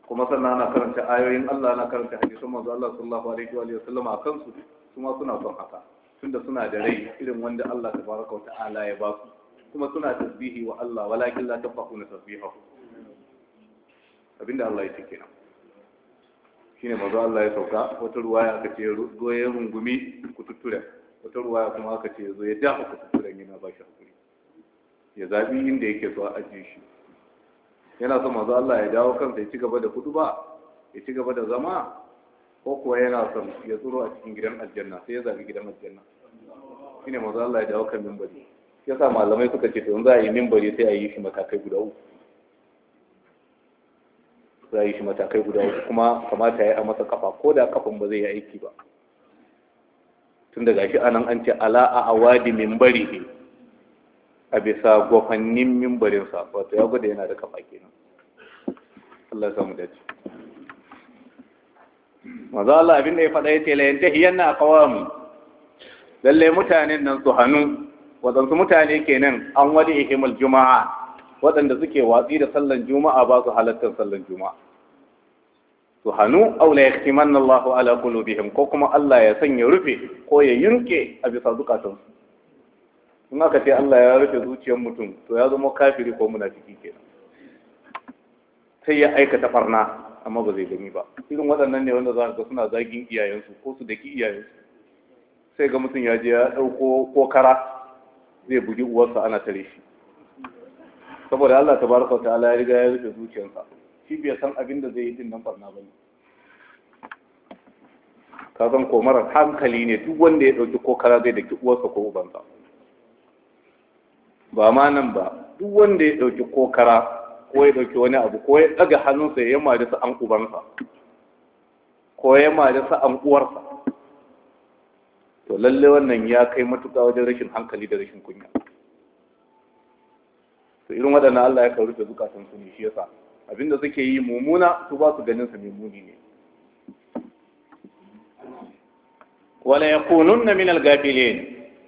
kuma sannan ana karanta ayoyin Allah ana karanta hadisan manzo Allah sallallahu alaihi wa sallam a kansu kuma suna son haka tunda suna da rai irin wanda Allah tabaraka wa ta'ala ya ba su kuma suna tasbihi wa Allah walakin la tafahuna tasbihahu abinda Allah ya ce kenan shine manzo Allah ya sauka wata ruwaya aka ce goyen rungumi ku kututtura wata ruwaya kuma aka ce zo ya ku kututturen yana ba shi hakuri ya zabi inda yake so a ajiye shi yana so manzo Allah ya dawo kansa ya ci gaba da ba, ya ci gaba da zama ko kuwa yana son ya tsoro a cikin gidan aljanna sai ya zabi gidan aljanna shine manzo Allah ya dawo kan minbari yasa malamai suka ce tun za a yi mimbari sai a yi shi matakai guda uku za a yi shi matakai guda uku kuma kamata ya yi a masa kafa ko da kafan ba zai yi aiki ba tun daga shi anan an ce ala a awadi mimbari ne a bisa gwafannin mimbarinsa wato ya gwada yana da kafa kenan Allah ya samu dace maza Allah abin da ya faɗa ya ce la yantahiyanna aqwam lalle mutanen nan su hannu waɗansu mutane kenan an wani ihimul juma'a waɗanda suke watsi da sallan juma'a ba su halattar sallan juma'a su hannu aula ya manna Allah ala qulubihim ko kuma Allah ya sanya rufe ko ya yunke a bisa zukatansu in aka ce Allah ya rufe zuciyar mutum to ya zama kafiri ko munafiki kenan sai ya aikata farna amma ba zai gani ba irin waɗannan ne wanda za ka suna zagin iyayensu ko su daki iyayensu sai ga mutum ya je ya ɗauko ko kara zai bugi uwarsa ana tare shi saboda Allah tabaraka ta'ala ya riga ya rufe zuciyarsa shi bai san abin da zai yi din nan barna bane ka zan ko mara hankali ne duk wanda ya dauki ko kara zai daki uwarsa ko ubansa ba ma nan ba duk wanda ya dauki ko kara ko ya dauki wani abu ko ya daga hannunsa ya yamma da sa'an ubansa ko ya yamma da sa'an uwarsa to lalle wannan ya kai matuƙa wajen rashin hankali da rashin kunya to irin waɗannan Allah ya kawo rufe zukatan su ne shi yasa abinda suke yi mumuna su ba su ganin sa mumuni ne wala yakununna min al-ghafilin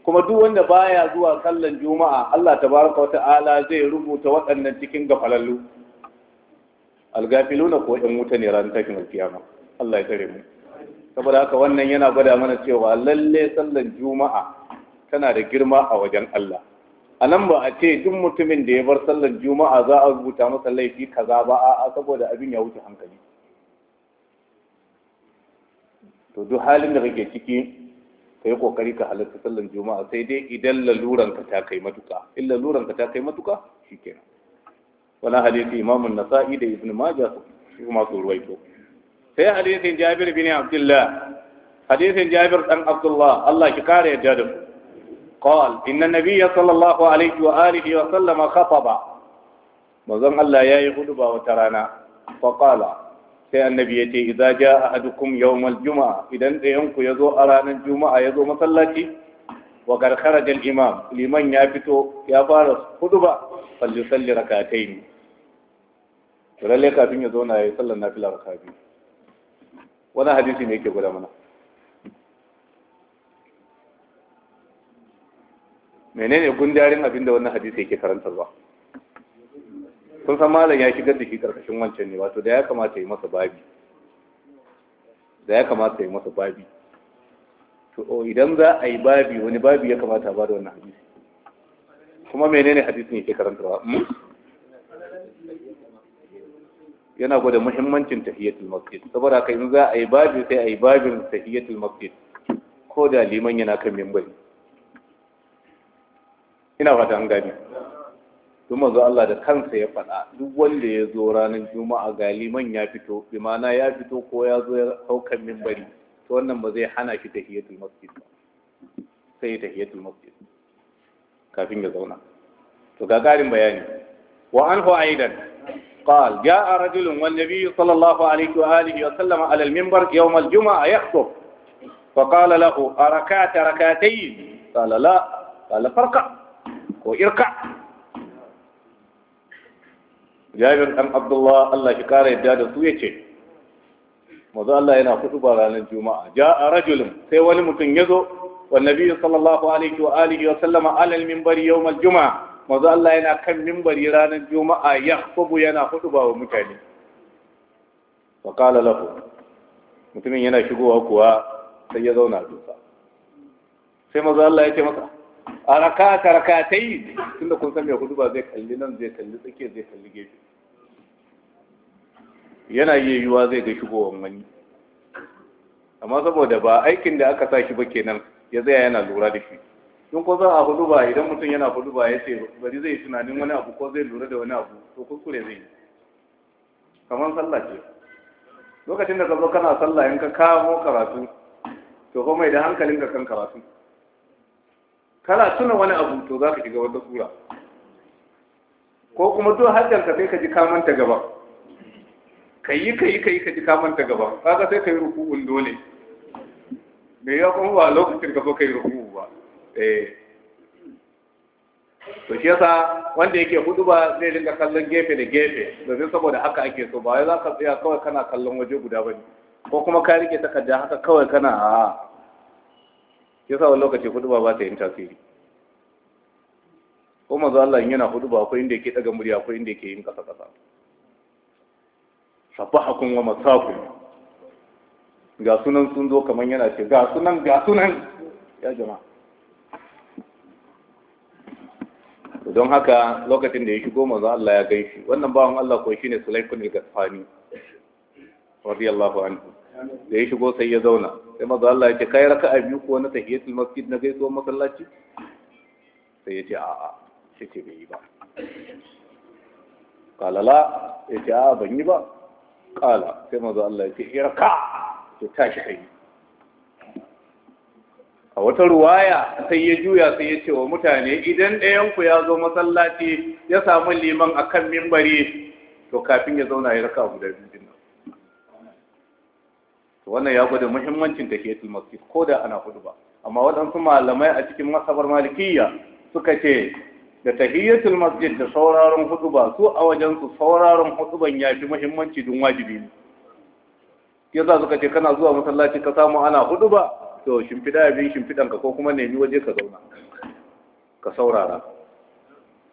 kuma duk wanda baya zuwa kallon juma'a Allah tabaraka wa ta'ala zai rubuta waɗannan cikin gafalallu al-ghafiluna ko ɗan wuta ne ran takin alkiyama Allah ya kare mu saboda haka wannan yana gwada mana cewa lalle sallan juma'a tana da girma a wajen Allah a nan ba a ce duk mutumin da ya bar sallan juma'a za a rubuta masa laifi kaza ba a saboda abin ya wuce hankali to duk halin da kake ciki ka yi kokari ka halarta sallan juma'a sai dai idan laluran ka ta kai matuka in laluran ka ta kai matuka shikenan wani hadisi imamun nasa'i da ibn majah su kuma su ruwaito sai hadisin jabir bin abdullah hadisin jabir dan abdullah Allah ki kare yadda da mu قال إن النبي صلى الله عليه وآله وسلم خطب مزن الله يا يخطب وترانا فقال sai annabi ya ce idza jaa ahadukum yawmal juma'a idan ɗayan ku yazo a ranar juma'a yazo masallaci wa gar kharaja al imam liman ya fito ya fara huduba fal yusalli rak'atayn to lalle kafin ya zauna yayi sallar nafila rak'a biyu wani hadisi ne yake guda mana menene gundarin abin da wannan hadisi yake karantarwa kun san malam ya shigar da shi karkashin wancan ne wato da ya kamata yi masa babi da ya kamata yi masa babi to oh, idan za a yi babi wani babi ya kamata ba da wannan hadisi kuma menene hadisi ne yake karantarwa hmm? yana gwada muhimmancin tahiyatul masjid saboda kai in za a yi babin sai a yi babin tahiyatul masjid ko da liman yana kan mimbari ina fata an gani kuma manzo Allah da kansa ya faɗa duk wanda ya zo ranar juma'a ga liman ya fito bi ma'ana ya fito ko ya zo ya haukan mimbari to wannan ba zai hana shi tahiyatul masjid ba sai ya tahiyatul masjid kafin ya zauna to ga garin bayani wa anhu aidan قال جاء رجل والنبي صلى الله عليه وآله وسلم على المنبر يوم الجمعة يخطب فقال له أركعت ركعتين قال لا قال فاركع واركع jabir ɗan abdullah allah shi kara yadda da su ya ce mazu allah yana kutu ba ranar juma'a ja a sai wani mutum ya zo wa nabi sallallahu alaihi wa sallama Mazu Allah yana kan mimbari ranar juma'a ya kubu yana ba wa mutane wa qala mutumin yana shigowa kuwa sai ya zauna duka sai mazu Allah ya ce masa a raka ka tun tunda kun san hudu ba zai kalli nan zai kalli tsake zai kalli gefe yana yiwuwa zai ga shigowa wani amma saboda ba aikin da aka sa shi ba kenan ya zaya yana lura da shi don ko za a hudu ba idan mutum yana hudu ba ya ce bari zai tunanin wani abu ko zai lura da wani abu to kuskure zai yi kamar sallah ce lokacin da ka zo kana sallah in ka kamo karatu to kuma idan da hankalinka kan karatu kana tuna wani abu to za ka shiga wata sura ko kuma duk hajjar ka sai ka ji kamanta gaba ka yi ka yi ka yi ka ji kamanta gaba kaga sai ka yi ruku'un dole me ya kuma ba lokacin ka so ka yi ruku'u ba Eh. to shi yasa wanda yake hudu ba zai dinga kallon gefe da gefe domin saboda haka ake so ba za ka tsaya kawai kana kallon waje guda ba ko kuma ka rike takarda haka kawai kana a shi yasa wani lokaci hudu ba ba ta yin tasiri ko manzo Allah in yana hudu ba akwai inda yake daga murya akwai inda yake yin kasa kasa sabahakum wa masakum ga sunan sun zo kaman yana ce ga sunan ga sunan ya jama'a don haka lokacin da ya shigo maza Allah ya gaishe wannan bawan Allah ko shine Sulaikun al-Ghafani radiyallahu anhu da ya shigo sai ya zauna sai maza Allah ya ce kai raka a biyu ko na tahiyatul masjid na gaisuwar masallaci sai ya ce a'a shi ce bai yi ba kalala ya ce a'a ban yi ba kala sai maza Allah ya ce raka to tashi kai a wata ruwaya sai ya juya sai ya ce wa mutane idan ɗayanku ya zo masallaci ya samu liman a kan mimbari to kafin ya zauna ya raka guda biyu wannan ya gwada muhimmancin ke masjid ko da ana hudu ba amma waɗansu malamai a cikin masabar malikiyya suka ce da tahiyatul masjid da sauraron hudu ba su a wajensu sauraron hudu ban ya fi muhimmanci don wajibi ne yasa suka ce kana zuwa masallaci ka samu ana hudu ba to shimfiɗa abin shimfidan shimfiɗanka ko kuma nemi waje ka zauna ka saurara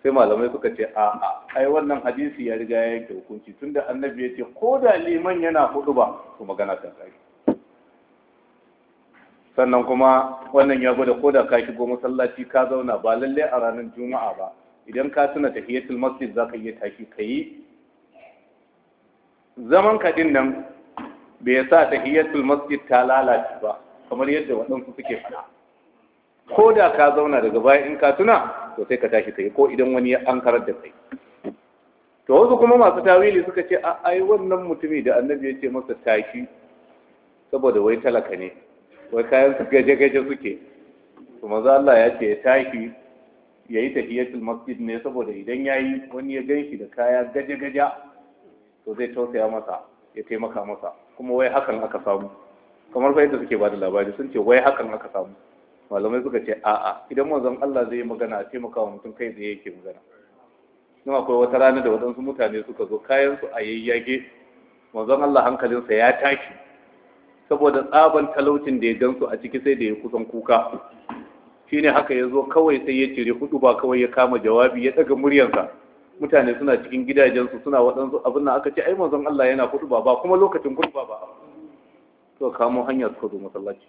sai malamai suka ce a ai wannan hadisi ya riga ya yanke hukunci tunda annabi ya ce ko da liman yana hudu ba to magana ta kai sannan kuma wannan ya gwada ko da ka shigo masallaci ka zauna ba lalle a ranar juma'a ba idan ka tuna tahiyatul masjid za ka iya tashi ka yi zaman ka din nan bai sa tahiyatul masjid ta lalace ba kamar yadda waɗansu suke faɗa ko da ka zauna daga baya in ka tuna to sai ka tashi kai ko idan wani ya ankarar da kai to wasu kuma masu tawili suka ce a ai wannan mutumi da annabi ya ce masa tashi saboda wai talaka ne wai kayan su gaje gaje suke to maza Allah ya ce ya tashi ya yi tafiyatul masjid ne saboda idan ya yi wani ya gan shi da kaya gaje gaja to zai tausaya masa ya taimaka masa kuma wai hakan aka samu kamar fa yadda suke bada labari sun ce wai hakan aka samu malamai suka ce a'a idan manzon Allah zai magana a taimaka wa mutum kai zai yake magana kuma akwai wata rana da waɗansu mutane suka zo kayan su a yayyage manzon Allah hankalinsa ya tashi saboda tsaban talaucin da ya su a ciki sai da ya kusan kuka shine haka ya zo kawai sai ya cire hudu ba kawai ya kama jawabi ya daga muryarsa. mutane suna cikin gidajensu suna waɗansu abin nan aka ce ai manzon Allah yana hudu ba ba kuma lokacin hudu ba so kamo hanyar suka masallaci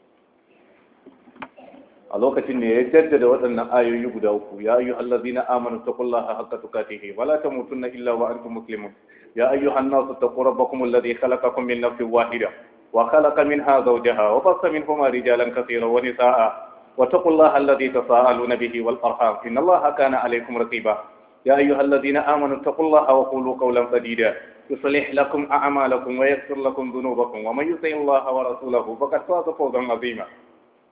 a lokacin ne ya jaddada waɗannan ayoyi guda uku ya ayyu allazina amanu taqullaha haqqa tuqatihi wa la tamutunna illa wa antum muslimun ya Hannu an-nasu taqu rabbakum alladhi khalaqakum min nafsin wahida wa khalaqa minha zawjaha wa bassa minhuma rijalan katiran wa nisaa'a wa taqullaha alladhi tasaaluna bihi wal arham inna allaha kana alaykum raqiba ya ayyuha allazina amanu taqullaha wa qulu qawlan sadida يصلح لكم أعمالكم ويغفر لكم ذنوبكم ومن يطع الله ورسوله فقد فاز فوزا عظيما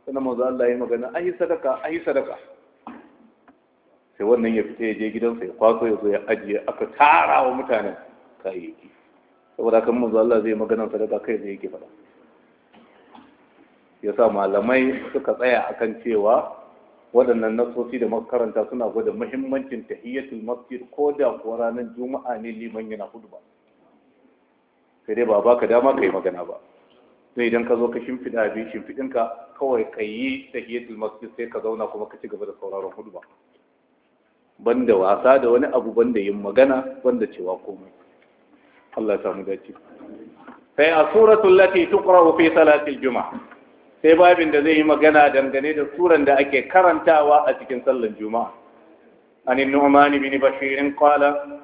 sannan za Allah ya magana an yi sadaka an yi sadaka sai wannan ya fita ya je gidansa ya kwaso ya zo ya ajiye aka tara wa mutanen kayayyaki saboda kan manzo Allah zai magana sadaka kai zai yake faɗa ya sa malamai suka tsaya akan cewa waɗannan nasosi da makaranta suna gwada muhimmancin tahiyyatul masjid ko da kuwa ranar juma'a ne liman yana hudu ba sai dai ba baka dama ka yi magana ba sai idan ka zo ka shimfiɗa abin shimfiɗinka kawai ka yi ta tahiyatul masjid sai ka zauna kuma ka ci gaba da sauraron hudu ba. banda wasa da wani abu banda yin magana banda cewa komai Allah ya samu dace sai a suratul lati tuqra'u fi salatil juma'a sai babin da zai yi magana dangane da suran da ake karantawa a cikin sallar juma'a an nu'man ibn bashir qala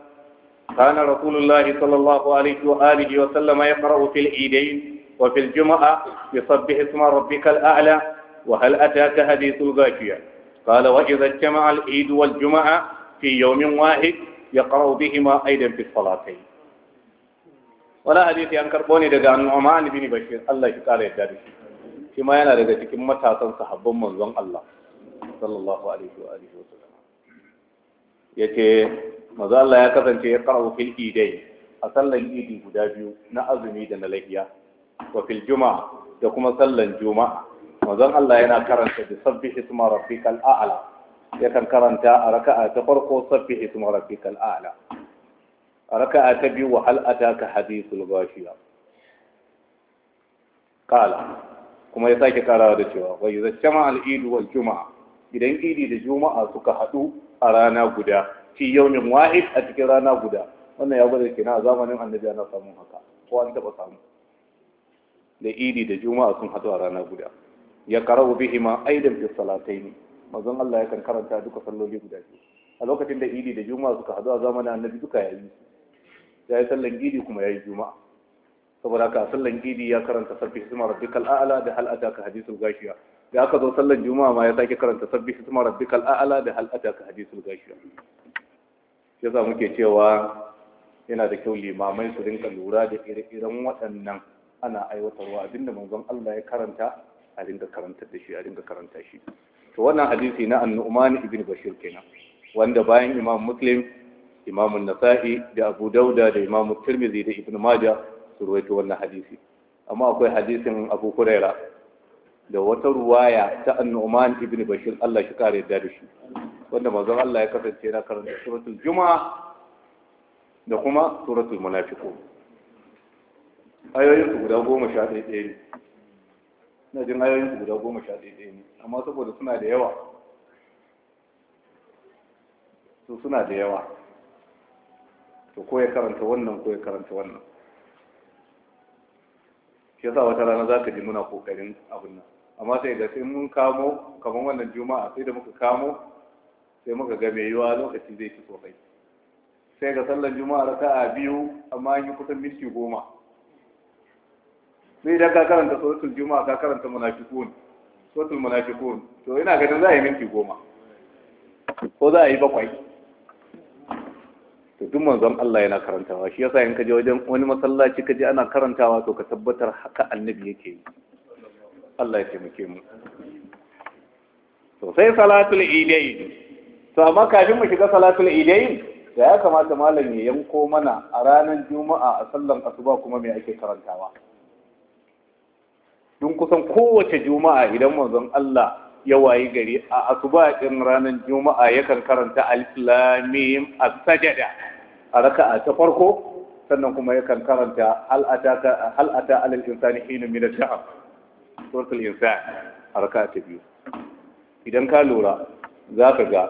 كان رسول الله صلى الله عليه وآله وسلم يقرأ في العيدين وفي الجمعة يصبح اسم ربك الأعلى وهل أتاك حديث الغاشية قال وإذا اجتمع العيد والجمعة في يوم واحد يقرأ بهما أيضا في الصلاتين ولا حديث أنكر بوني دقاء النعمان بن بشير الله يقال يدارك كما ينا دقاء كما تاسن صحب من الله صلى الله عليه وآله وسلم يتي manzo Allah ya kasance ya qara'u fil idai a sallan idi guda biyu na azumi da na lahiya wa fil juma'a da kuma sallan juma'a manzo Allah yana karanta bi sabbihi isma rabbikal a'la kan karanta a raka'a ta farko sabbihi isma rabbikal a'la a raka'a ta biyu wa hal ataka hadithul ghashiya qala kuma ya sake karawa da cewa wa idza shama al-eid wal juma'a idan idi da juma'a suka haɗu a rana guda fi yaumin wahid a cikin rana guda wannan ya gwada kenan a zamanin annabi ana samun haka ko an taɓa samu da idi da juma'a sun haɗu a rana guda ya karabu ma aidan fi salataini mazan Allah kan karanta duka salloli guda biyu a lokacin da idi da juma'a suka haɗu a zamanin annabi duka yayi ya yi sallan idi kuma ya yi juma'a saboda haka sallan idi ya karanta sarfi isma rabbikal a'la da hal ataka hadithul gashiya da aka zo sallar juma'a ma ya sake karanta sabbi hisma rabbikal a'la da hal ataka hadithul gashiya yasa muke cewa yana da kyau limamai su rinka lura da ire-iren waɗannan ana aiwatarwa abinda manzon Allah ya karanta a rinka karanta da shi a rinka karanta shi to wannan hadisi na annu'man ibn bashir kenan wanda bayan imam muslim imam nasa'i da abu dauda da imam tirmidhi da ibn majah su ruwaito wannan hadisi amma akwai hadisin abu huraira da wata ruwaya ta annu'man ibn bashir Allah shi kare da shi wanda manzon Allah ya kasance na karanta suratul juma'a da kuma suratul munafiqun ayoyin su guda goma sha ɗaya ɗaya ne na jin ayoyin su guda goma sha ɗaya ɗaya ne amma saboda suna da yawa su suna da yawa to ko ya karanta wannan ko ya karanta wannan shi yasa wata rana za ka ji muna kokarin abin nan amma sai da sai mun kamo kamar wannan juma'a sai da muka kamo sai muka ga mai yiwa lokaci zai fi sosai sai ga sallan juma'a a biyu amma yi kusan minti goma sai idan ka karanta suratul juma'a ka karanta munafiqun suratul munafiqun to ina ganin za a yi minti goma ko za a yi bakwai to duk manzon Allah yana karantawa shi yasa in ka je wajen wani masallaci ka je ana karantawa to ka tabbatar haka annabi yake yi Allah ya taimake mu to salatul to amma kafin mu shiga salatul idayn da ya kamata malam ya yanko mana a ranar juma'a a sallan asuba kuma me ake karantawa dun kusan kowace juma'a idan manzon Allah ya wayi gari a asuba ɗin ranar juma'a yakan karanta alif a a sajada a raka'a ta farko sannan kuma yakan karanta hal alal insani hinu suratul insan a raka'a ta biyu idan ka lura za ka ga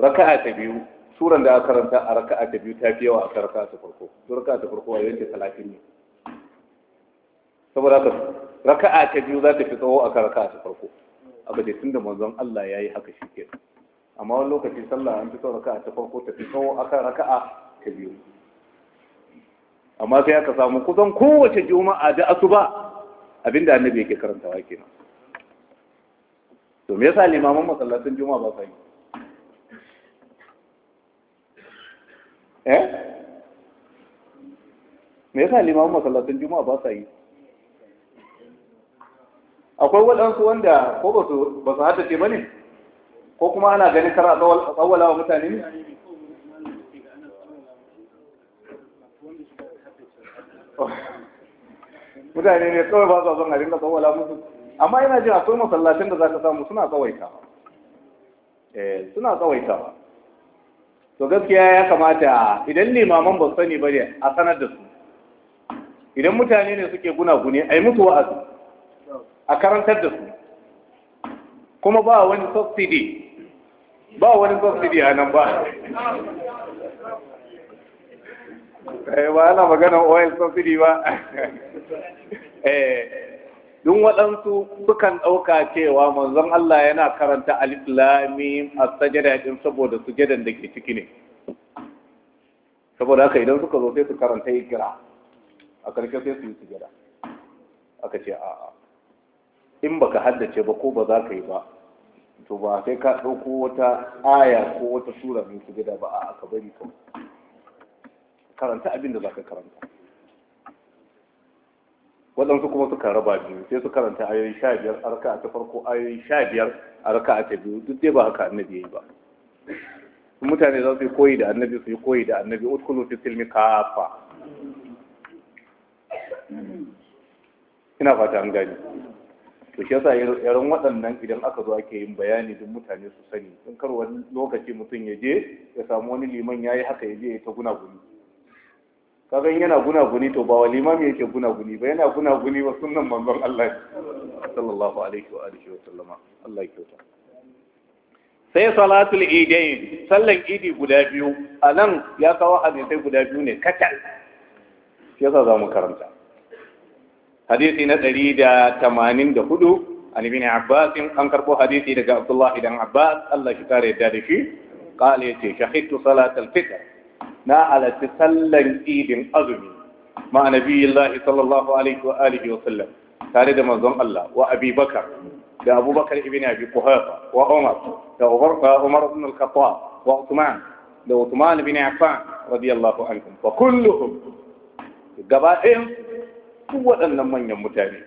raka'a ta biyu suran da aka karanta a raka'a ta biyu ta fi yawa a raka'a ta farko to raka'a ta farko a yanke talatin ne saboda haka raka'a ta biyu za ta fi tsawo a raka'a ta farko aka ce tunda manzon Allah ya yi haka shi ke amma wani lokaci sallah an fi tsawo raka'a ta farko ta fi tsawo a raka'a ta biyu amma sai aka samu kusan kowace juma'a da asuba abin da annabi yake karantawa kenan to me yasa limaman masallacin juma'a ba sa yi eh me yasa limaman masallacin juma'a ba sa yi akwai waɗansu wanda ko ba su ba su haddace ba ne ko kuma ana ganin kara tsawala wa mutane ne Oh. mutane ne kawai ba su son a dinga tsawala musu amma ina jin akwai masallacin da za ka samu suna tsawaitawa eh suna tsawaitawa to gaskiya ya kamata idan limaman ba sani ba ne a sanar da su idan mutane ne suke guna-gune a yi musu wa'azi a karantar da su kuma ba wani subsidy ba wani subsidy a nan ba Eh, ba ana maganar oil subsidy ba eh, dun waɗansu sukan ɗauka cewa manzon Allah yana karanta alif lamim a sajada din saboda sujadan da ke ciki ne saboda haka idan suka zo sai su karanta ikira a ƙarshe sai su yi sujada aka ce a'a in baka haddace ba ko ba za ka yi ba to ba sai ka ɗauko wata aya ko wata sura mai sujada ba a ka bari kawai karanta abin da za ka karanta waɗansu kuma suka raba biyu sai su karanta ayoyi sha biyar a raka ta farko ayoyi sha biyar a raka ta biyu duk dai ba haka annabi yayi ba mutane za su yi koyi da annabi su yi koyi da annabi utkulu fi silmi kafa ina fata an gani to shi yasa yaran waɗannan idan aka zo ake yin bayani duk mutane su sani in kar wani lokaci mutum ya je ya samu wani liman ya yi haka ya je ya ta guna guni kaga yana guna gunaguni to ba wa limami guna guni ba yana guna guni ba, sunan manzon Allah sallallahu alaihi wa alihi wa sallama Allah kyauta sai salatul idain sallan idi guda biyu anan ya kawo hadisai guda biyu ne kacal shi yasa zamu karanta hadisi na 184 عن ابن عباس أن كربو حديثي لقى عبد الله بن عباس الله شكار يدادشي قال يتي شهدت صلاة الفجر na halarci sallan idin azumi ma'ana ma nabiyyillahi sallallahu alaihi wa alihi wa sallam tare da manzon Allah wa Abi Bakar da Abu Bakar ibn Abi Quhafa wa Umar da Umar Umar ibn al-Khattab wa Uthman da Uthman ibn Affan radiyallahu anhum wa kulluhum gaba ɗayan waɗannan manyan mutane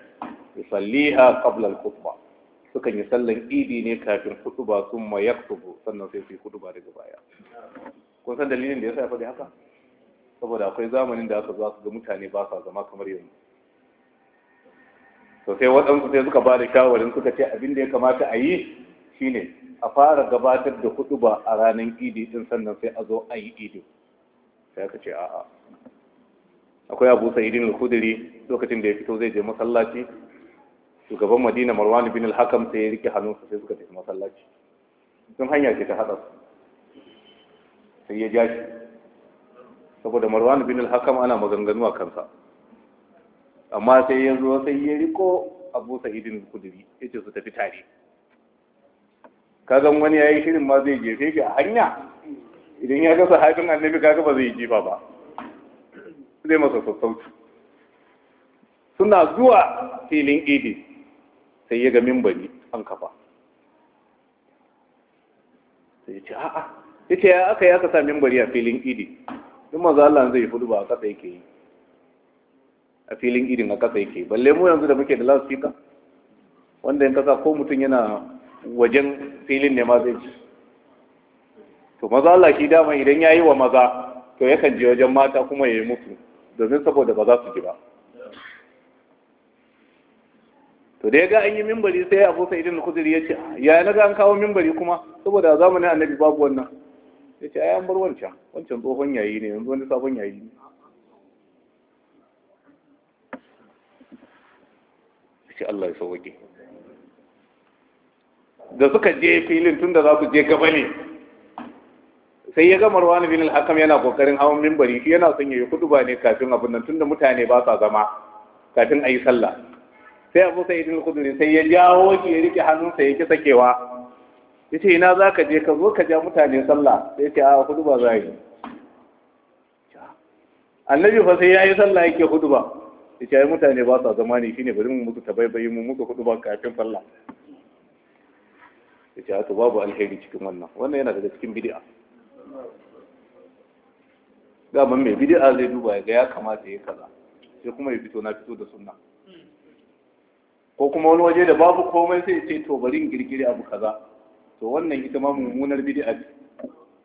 su yusalliha qabla al-khutbah sukan yi sallan idi ne kafin hutuba sun ma yaktubu sannan sai su yi hutuba daga baya kun san dalilin da ya sa ya faɗi haka saboda akwai zamanin da aka zo aka ga mutane ba sa zama kamar yanzu to sai waɗansu sai suka ba da shawarin suka ce abin da ya kamata a yi shine a fara gabatar da kuɗi ba a ranar idi din sannan sai a zo a yi idi sai aka ce a'a akwai abu sa'idin al-khudri lokacin da ya fito zai je masallaci shugaban madina marwan bin al-hakam sai ya rike hannunsa sai suka tafi masallaci sun hanya ce ta haɗa sai ya ja shi saboda marwan bin al-hakam ana maganganu a kansa amma sai ya zo sai ya riko abu sa'idin kuduri ya ce su tafi tare kagan wani ya yi shirin ma zai jefe shi a hanya idan ya ga sahabin annabi kaga ba zai jefa ba zai masa sassauci suna zuwa filin idi sai ya ga mimbari an kafa sai ya ce a'a ita ya aka yi aka sa mimbari a filin idi in maza Allah zai hudu ba a kasa yake yi a filin idin a kasa yake balle mu yanzu da muke da loudspeaker wanda in kasa ko mutum yana wajen filin ne ma zai ji to maza Allah shi dama idan yi wa maza to yakan je wajen mata kuma ya yi musu domin saboda ba za su ji ba to da ya ga an yi mimbari sai abu sa'idin kuzuri ya ce ya na ga an kawo mimbari kuma saboda zamanin annabi babu wannan ya ce ayan an bar wancan wancan tsohon yayi ne yanzu wani sabon yayi ne ce Allah ya sauke da suka je filin tun da za su je gaba ne sai ya gama ruwa bin al-hakam yana kokarin hawan mimbari shi yana son yayi ba ne kafin abin nan tunda mutane ba sa zama kafin ayi sallah sai Abu Sa'id al-Khudri sai ya jawo ki ya rike hannunsa ya ki sakewa ya ce ina za ka je ka zo ka ja mutane sallah sai ce a hudu ba za yi annabi fa sai ya yi sallah yake hudu ba ya ce ai mutane ba sa zama ne shine bari mu muku tabaibayi mu muka hudu ba kafin sallah ya ce to babu alheri cikin wannan wannan yana daga cikin bid'a daman mai bid'a zai duba ya ga ya kamata ya kaza sai kuma ya fito na fito da sunna ko kuma wani waje da babu komai sai ce to bari in girgire abu kaza to wannan ita ma mummunar bid'a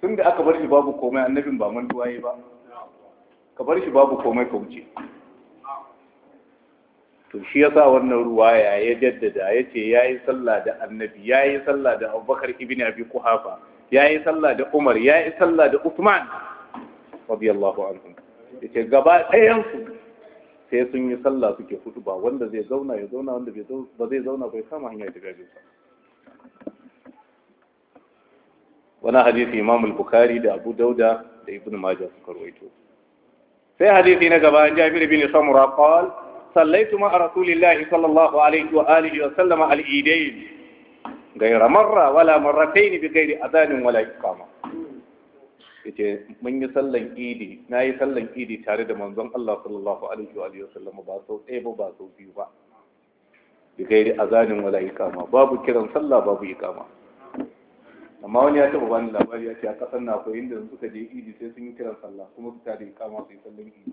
tun da aka bar shi babu komai annabin ba mantuwa yi ba ka bar shi babu komai ka wuce to shi ya sa wannan ruwaya ya jaddada ya ce ya yi sallah da annabi ya yi sallah da abubakar ibn abi kuhafa ya yi sallah da umar ya yi sallah da usman radiyallahu anhu ya ce gaba ɗayansu sai sun yi sallah suke hutu ba wanda zai zauna ya zauna wanda ba zai zauna bai kama hanya ta gabe sa wani hadisi imam al-bukhari da abu dauda da ibn majah suka rawaito sai hadisi na gaba an jabir bin samura qal sallaitu ma rasulillahi sallallahu alaihi wa alihi wa sallama al-idayn ghayra marra wala marratayn bi ghairi adhan wala iqama yace mun yi sallan idi na yi sallan idi tare da manzon Allah sallallahu alaihi wa alihi wa sallama ba sau ɗaya ba ba sau biyu ba bi ghairi adhan wala iqama babu kiran sallah babu iqama amma wani ya taɓa bani labari ya ce a ƙasar na akwai inda suka je idi sai sun yi kiran sallah kuma su tare kama su yi sallan idi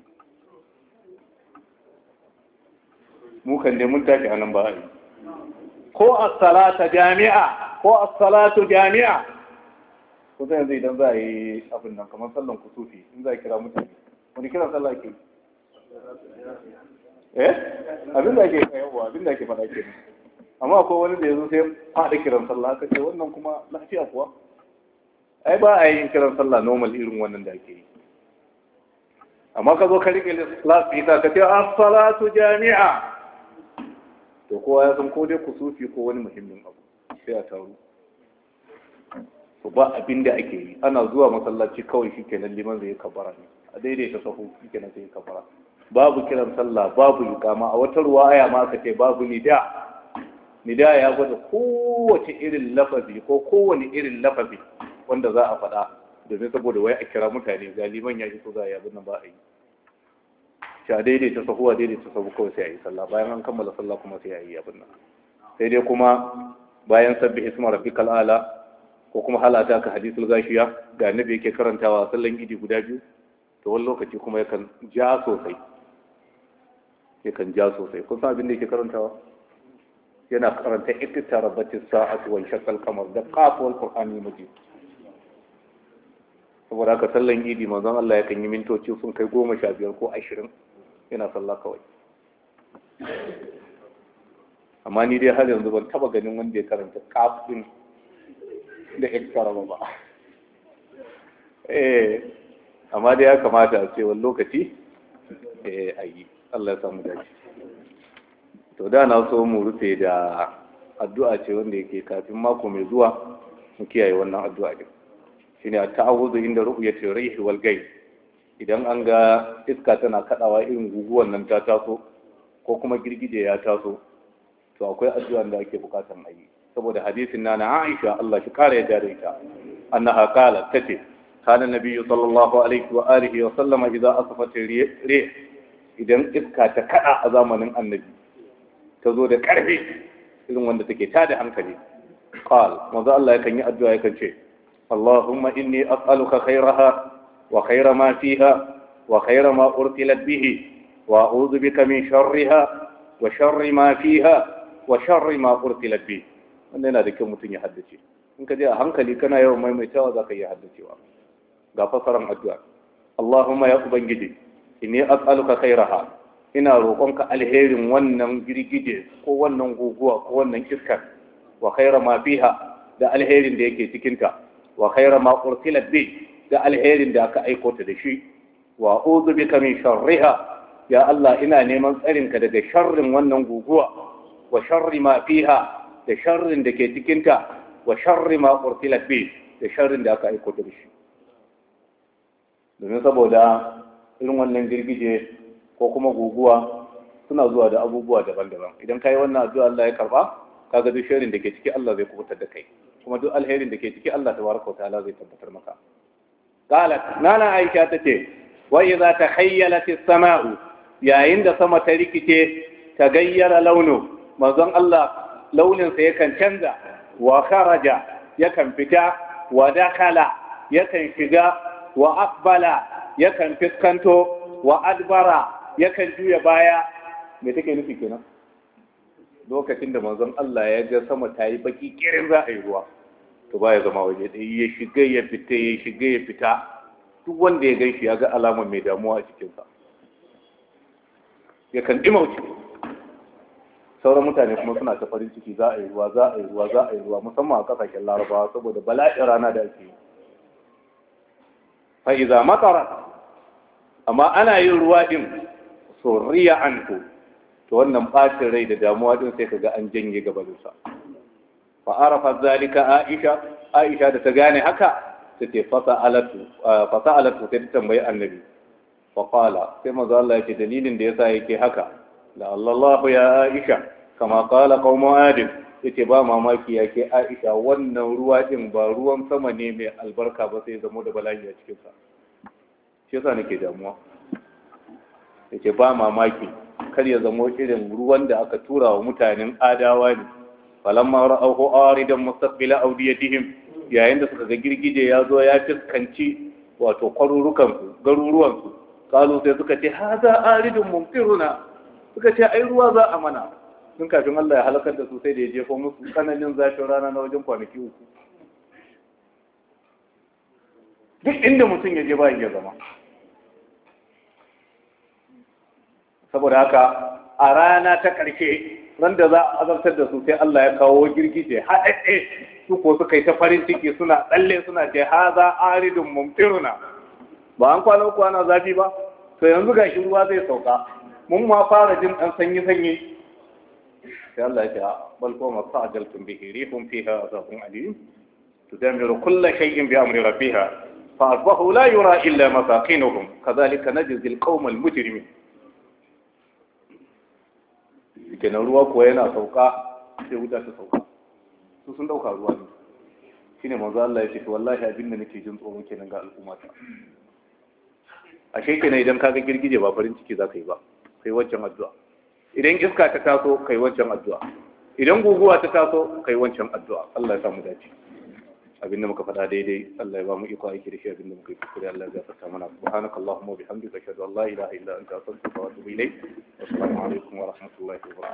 mu kan dai mun tafi anan ba ai ko as-salata jami'a ko as-salatu jami'a ko sai yanzu idan za a yi abin nan kamar sallan kusufi in za a kira mutane wani kiran sallah ke eh abin da ake yawa abin da ke faɗa kenan amma akwai wani da ya zo sai faɗi kiran sallah aka ce wannan kuma lafiya kuwa ai ba a yi kiran sallah normal irin wannan da ake yi amma ka zo ka riƙe lafiya ta ka ce as-salatu jami'a to kowa ya san ko dai ku sufi ko wani muhimmin abu sai a taru to ba abin da ake yi ana zuwa masallaci kawai shi kenan liman zai kabara ne a daidaita sahu shi kenan zai kabara babu kiran sallah babu kama a wata aya ma aka ce babu da. nida ya gwada kowace irin lafazi ko kowane irin lafazi wanda za a faɗa domin saboda wai a kira mutane ga liman ya ji za a yi nan ba a yi shi a daidaita sahuwa daidai daidaita sahu kawai sai a yi sallah bayan an kammala sallah kuma sai a yi abin nan sai dai kuma bayan sabbi isma rabbikal ala ko kuma halata ka hadisul gashiya ga annabi yake karantawa sallan gidi guda biyu to wani lokaci kuma yakan ja sosai yakan ja sosai kun san abin da yake karantawa yana karanta iktarabatis sa'atu wa shakal kamar da kafuwar wal qur'ani majid saboda haka sallan idi manzon Allah ya kan yi mintoci sun kai goma sha biyar ko ashirin yana sallah kawai amma ni dai har yanzu ban taba ganin wanda ya karanta kafin din da iktaraba ba eh amma dai ya kamata a ce wani lokaci eh ayi Allah ya samu dace to da na so mu rufe da addu'a ce wanda yake kafin mako mai zuwa mu kiyaye wannan addu'a din shine ta'awudu inda ya tarihi wal gai? idan an ga iska tana kadawa irin guguwan nan ta taso ko kuma girgije ya taso to akwai addu'an da ake bukatan ayi saboda hadisin na Aisha Allah shi kare ya da ita annaha qalat tace kana nabiyyu sallallahu alaihi wa alihi wa sallama idza asfat rih idan iska ta kada a zamanin annabi ta zo da ƙarfi irin wanda take tada hankali qal maza Allah yakan yi addu'a yakan ce Allahumma inni as'aluka khairaha wa khaira ma fiha wa khaira ma urtilat bihi wa a'udhu bika min sharriha wa sharri ma fiha wa sharri ma urtilat bihi wannan yana da kyau mutum ya haddace in ka je a hankali kana yawan maimaitawa zaka iya haddacewa ga fasaran addu'a Allahumma ya ubangiji inni as'aluka khairaha ina roƙonka alherin wannan girgije ko wannan guguwa ko wannan iskar wa khaira ma fiha da alherin da yake cikinta wa khaira ma bi da alherin da aka aika ta da shi wa uzu bika min sharriha ya Allah ina neman tsarinka daga sharrin wannan guguwa wa sharri ma fiha da sharrin da ke cikinta wa sharri ma bi da sharrin da aka aiko ta da shi domin saboda irin wannan girgije ko kuma guguwa suna zuwa da abubuwa daban-daban idan ka yi wannan addu'a Allah ya karba kaga duk shirin da ke ciki Allah zai kubutar da kai kuma duk alherin da ke ciki Allah tabaraka ta'ala zai tabbatar maka qalat nana aisha tace wa idza takhayyalat as-sama'u yayin da sama ta rikice ta gayyara launu manzon Allah launin sa yakan canza wa kharaja yakan fita wa dakala yakan shiga wa aqbala yakan fiskanto wa adbara yakan juya baya mai take nufi kenan lokacin da manzon Allah ya ga sama ta yi baki kirin za a yi ruwa to baya zama waje ɗaya ya shiga ya fita ya shiga ya fita duk wanda ya gan ya ga alamar mai damuwa a cikinsa yakan ɗimauce sauran mutane kuma suna ta farin ciki za a yi ruwa za a yi ruwa za a yi ruwa musamman a kasashen larabawa saboda bala'in rana da ake yi fa'iza matara amma ana yin ruwa din suriya ku to wannan bacin rai da damuwa din sai kaga an janye gabaninsa fa arafa zalika aisha aisha da ta gane haka tace fasa'alatu fasa'alatu sai ta tambayi annabi fa qala sai manzo Allah yake dalilin da yasa yake haka la Allah ya aisha kama kala qaumu adin yace ba mamaki yake aisha wannan ruwa din ba ruwan sama ne mai albarka ba sai zamo da bala'i a cikin sa shi yasa nake damuwa da ke ba mamaki kar ya zamo irin ruwan da aka tura wa mutanen adawa ne falamma ra'ahu aridan ya awdiyatihim yayin da suka ga girgije ya zo ya fiskanci wato kwarurukan su garuruwan su kalu sai suka ce haza aridun mumtiruna suka ce ai ruwa za a mana sun kafin Allah ya halakar da su sai da ya jefo musu kananin zafin rana na wajen kwanaki uku duk inda mutum ya je bayan ya zama saboda haka a rana ta ƙarshe nan da za a azabtar da su sai Allah ya kawo girgije haɗaɗe su ko suka yi ta farin ciki suna tsalle suna ce haza aridun mumtiruna ba an kwana uku ana zafi ba to yanzu ga shi ruwa zai sauka mun ma fara jin ɗan sanyi sanyi sai Allah ya ce ah, bal ko ma sa'ajaltum bihi rihum fiha azabun alim tudammiru kulla shay'in bi amri rabbiha fa asbahu la yura illa masakinuhum kadhalika najzi al-qawma al-mujrimin shike nan ruwa kuwa yana sauka sai wuta ta sauka su sun dauka ruwa ne Shi ne manzo Allah ya ce wallahi abin da nake jin tsoro kenan ga al'umma ta ashe kenan idan kaga girgije ba farin ciki zaka yi ba kai wancan addu'a idan iska ta taso kai wancan addu'a idan guguwa ta taso kai wancan addu'a Allah ya samu dace أبينا ما كفر أديدي الله يبام إقاء كريشة أبينا ما كفر كري الله جافر سامنا سبحانك اللهم وبحمدك أشهد أن لا إله إلا أنت أستغفرك وأتوب إليك والسلام عليكم ورحمة الله وبركاته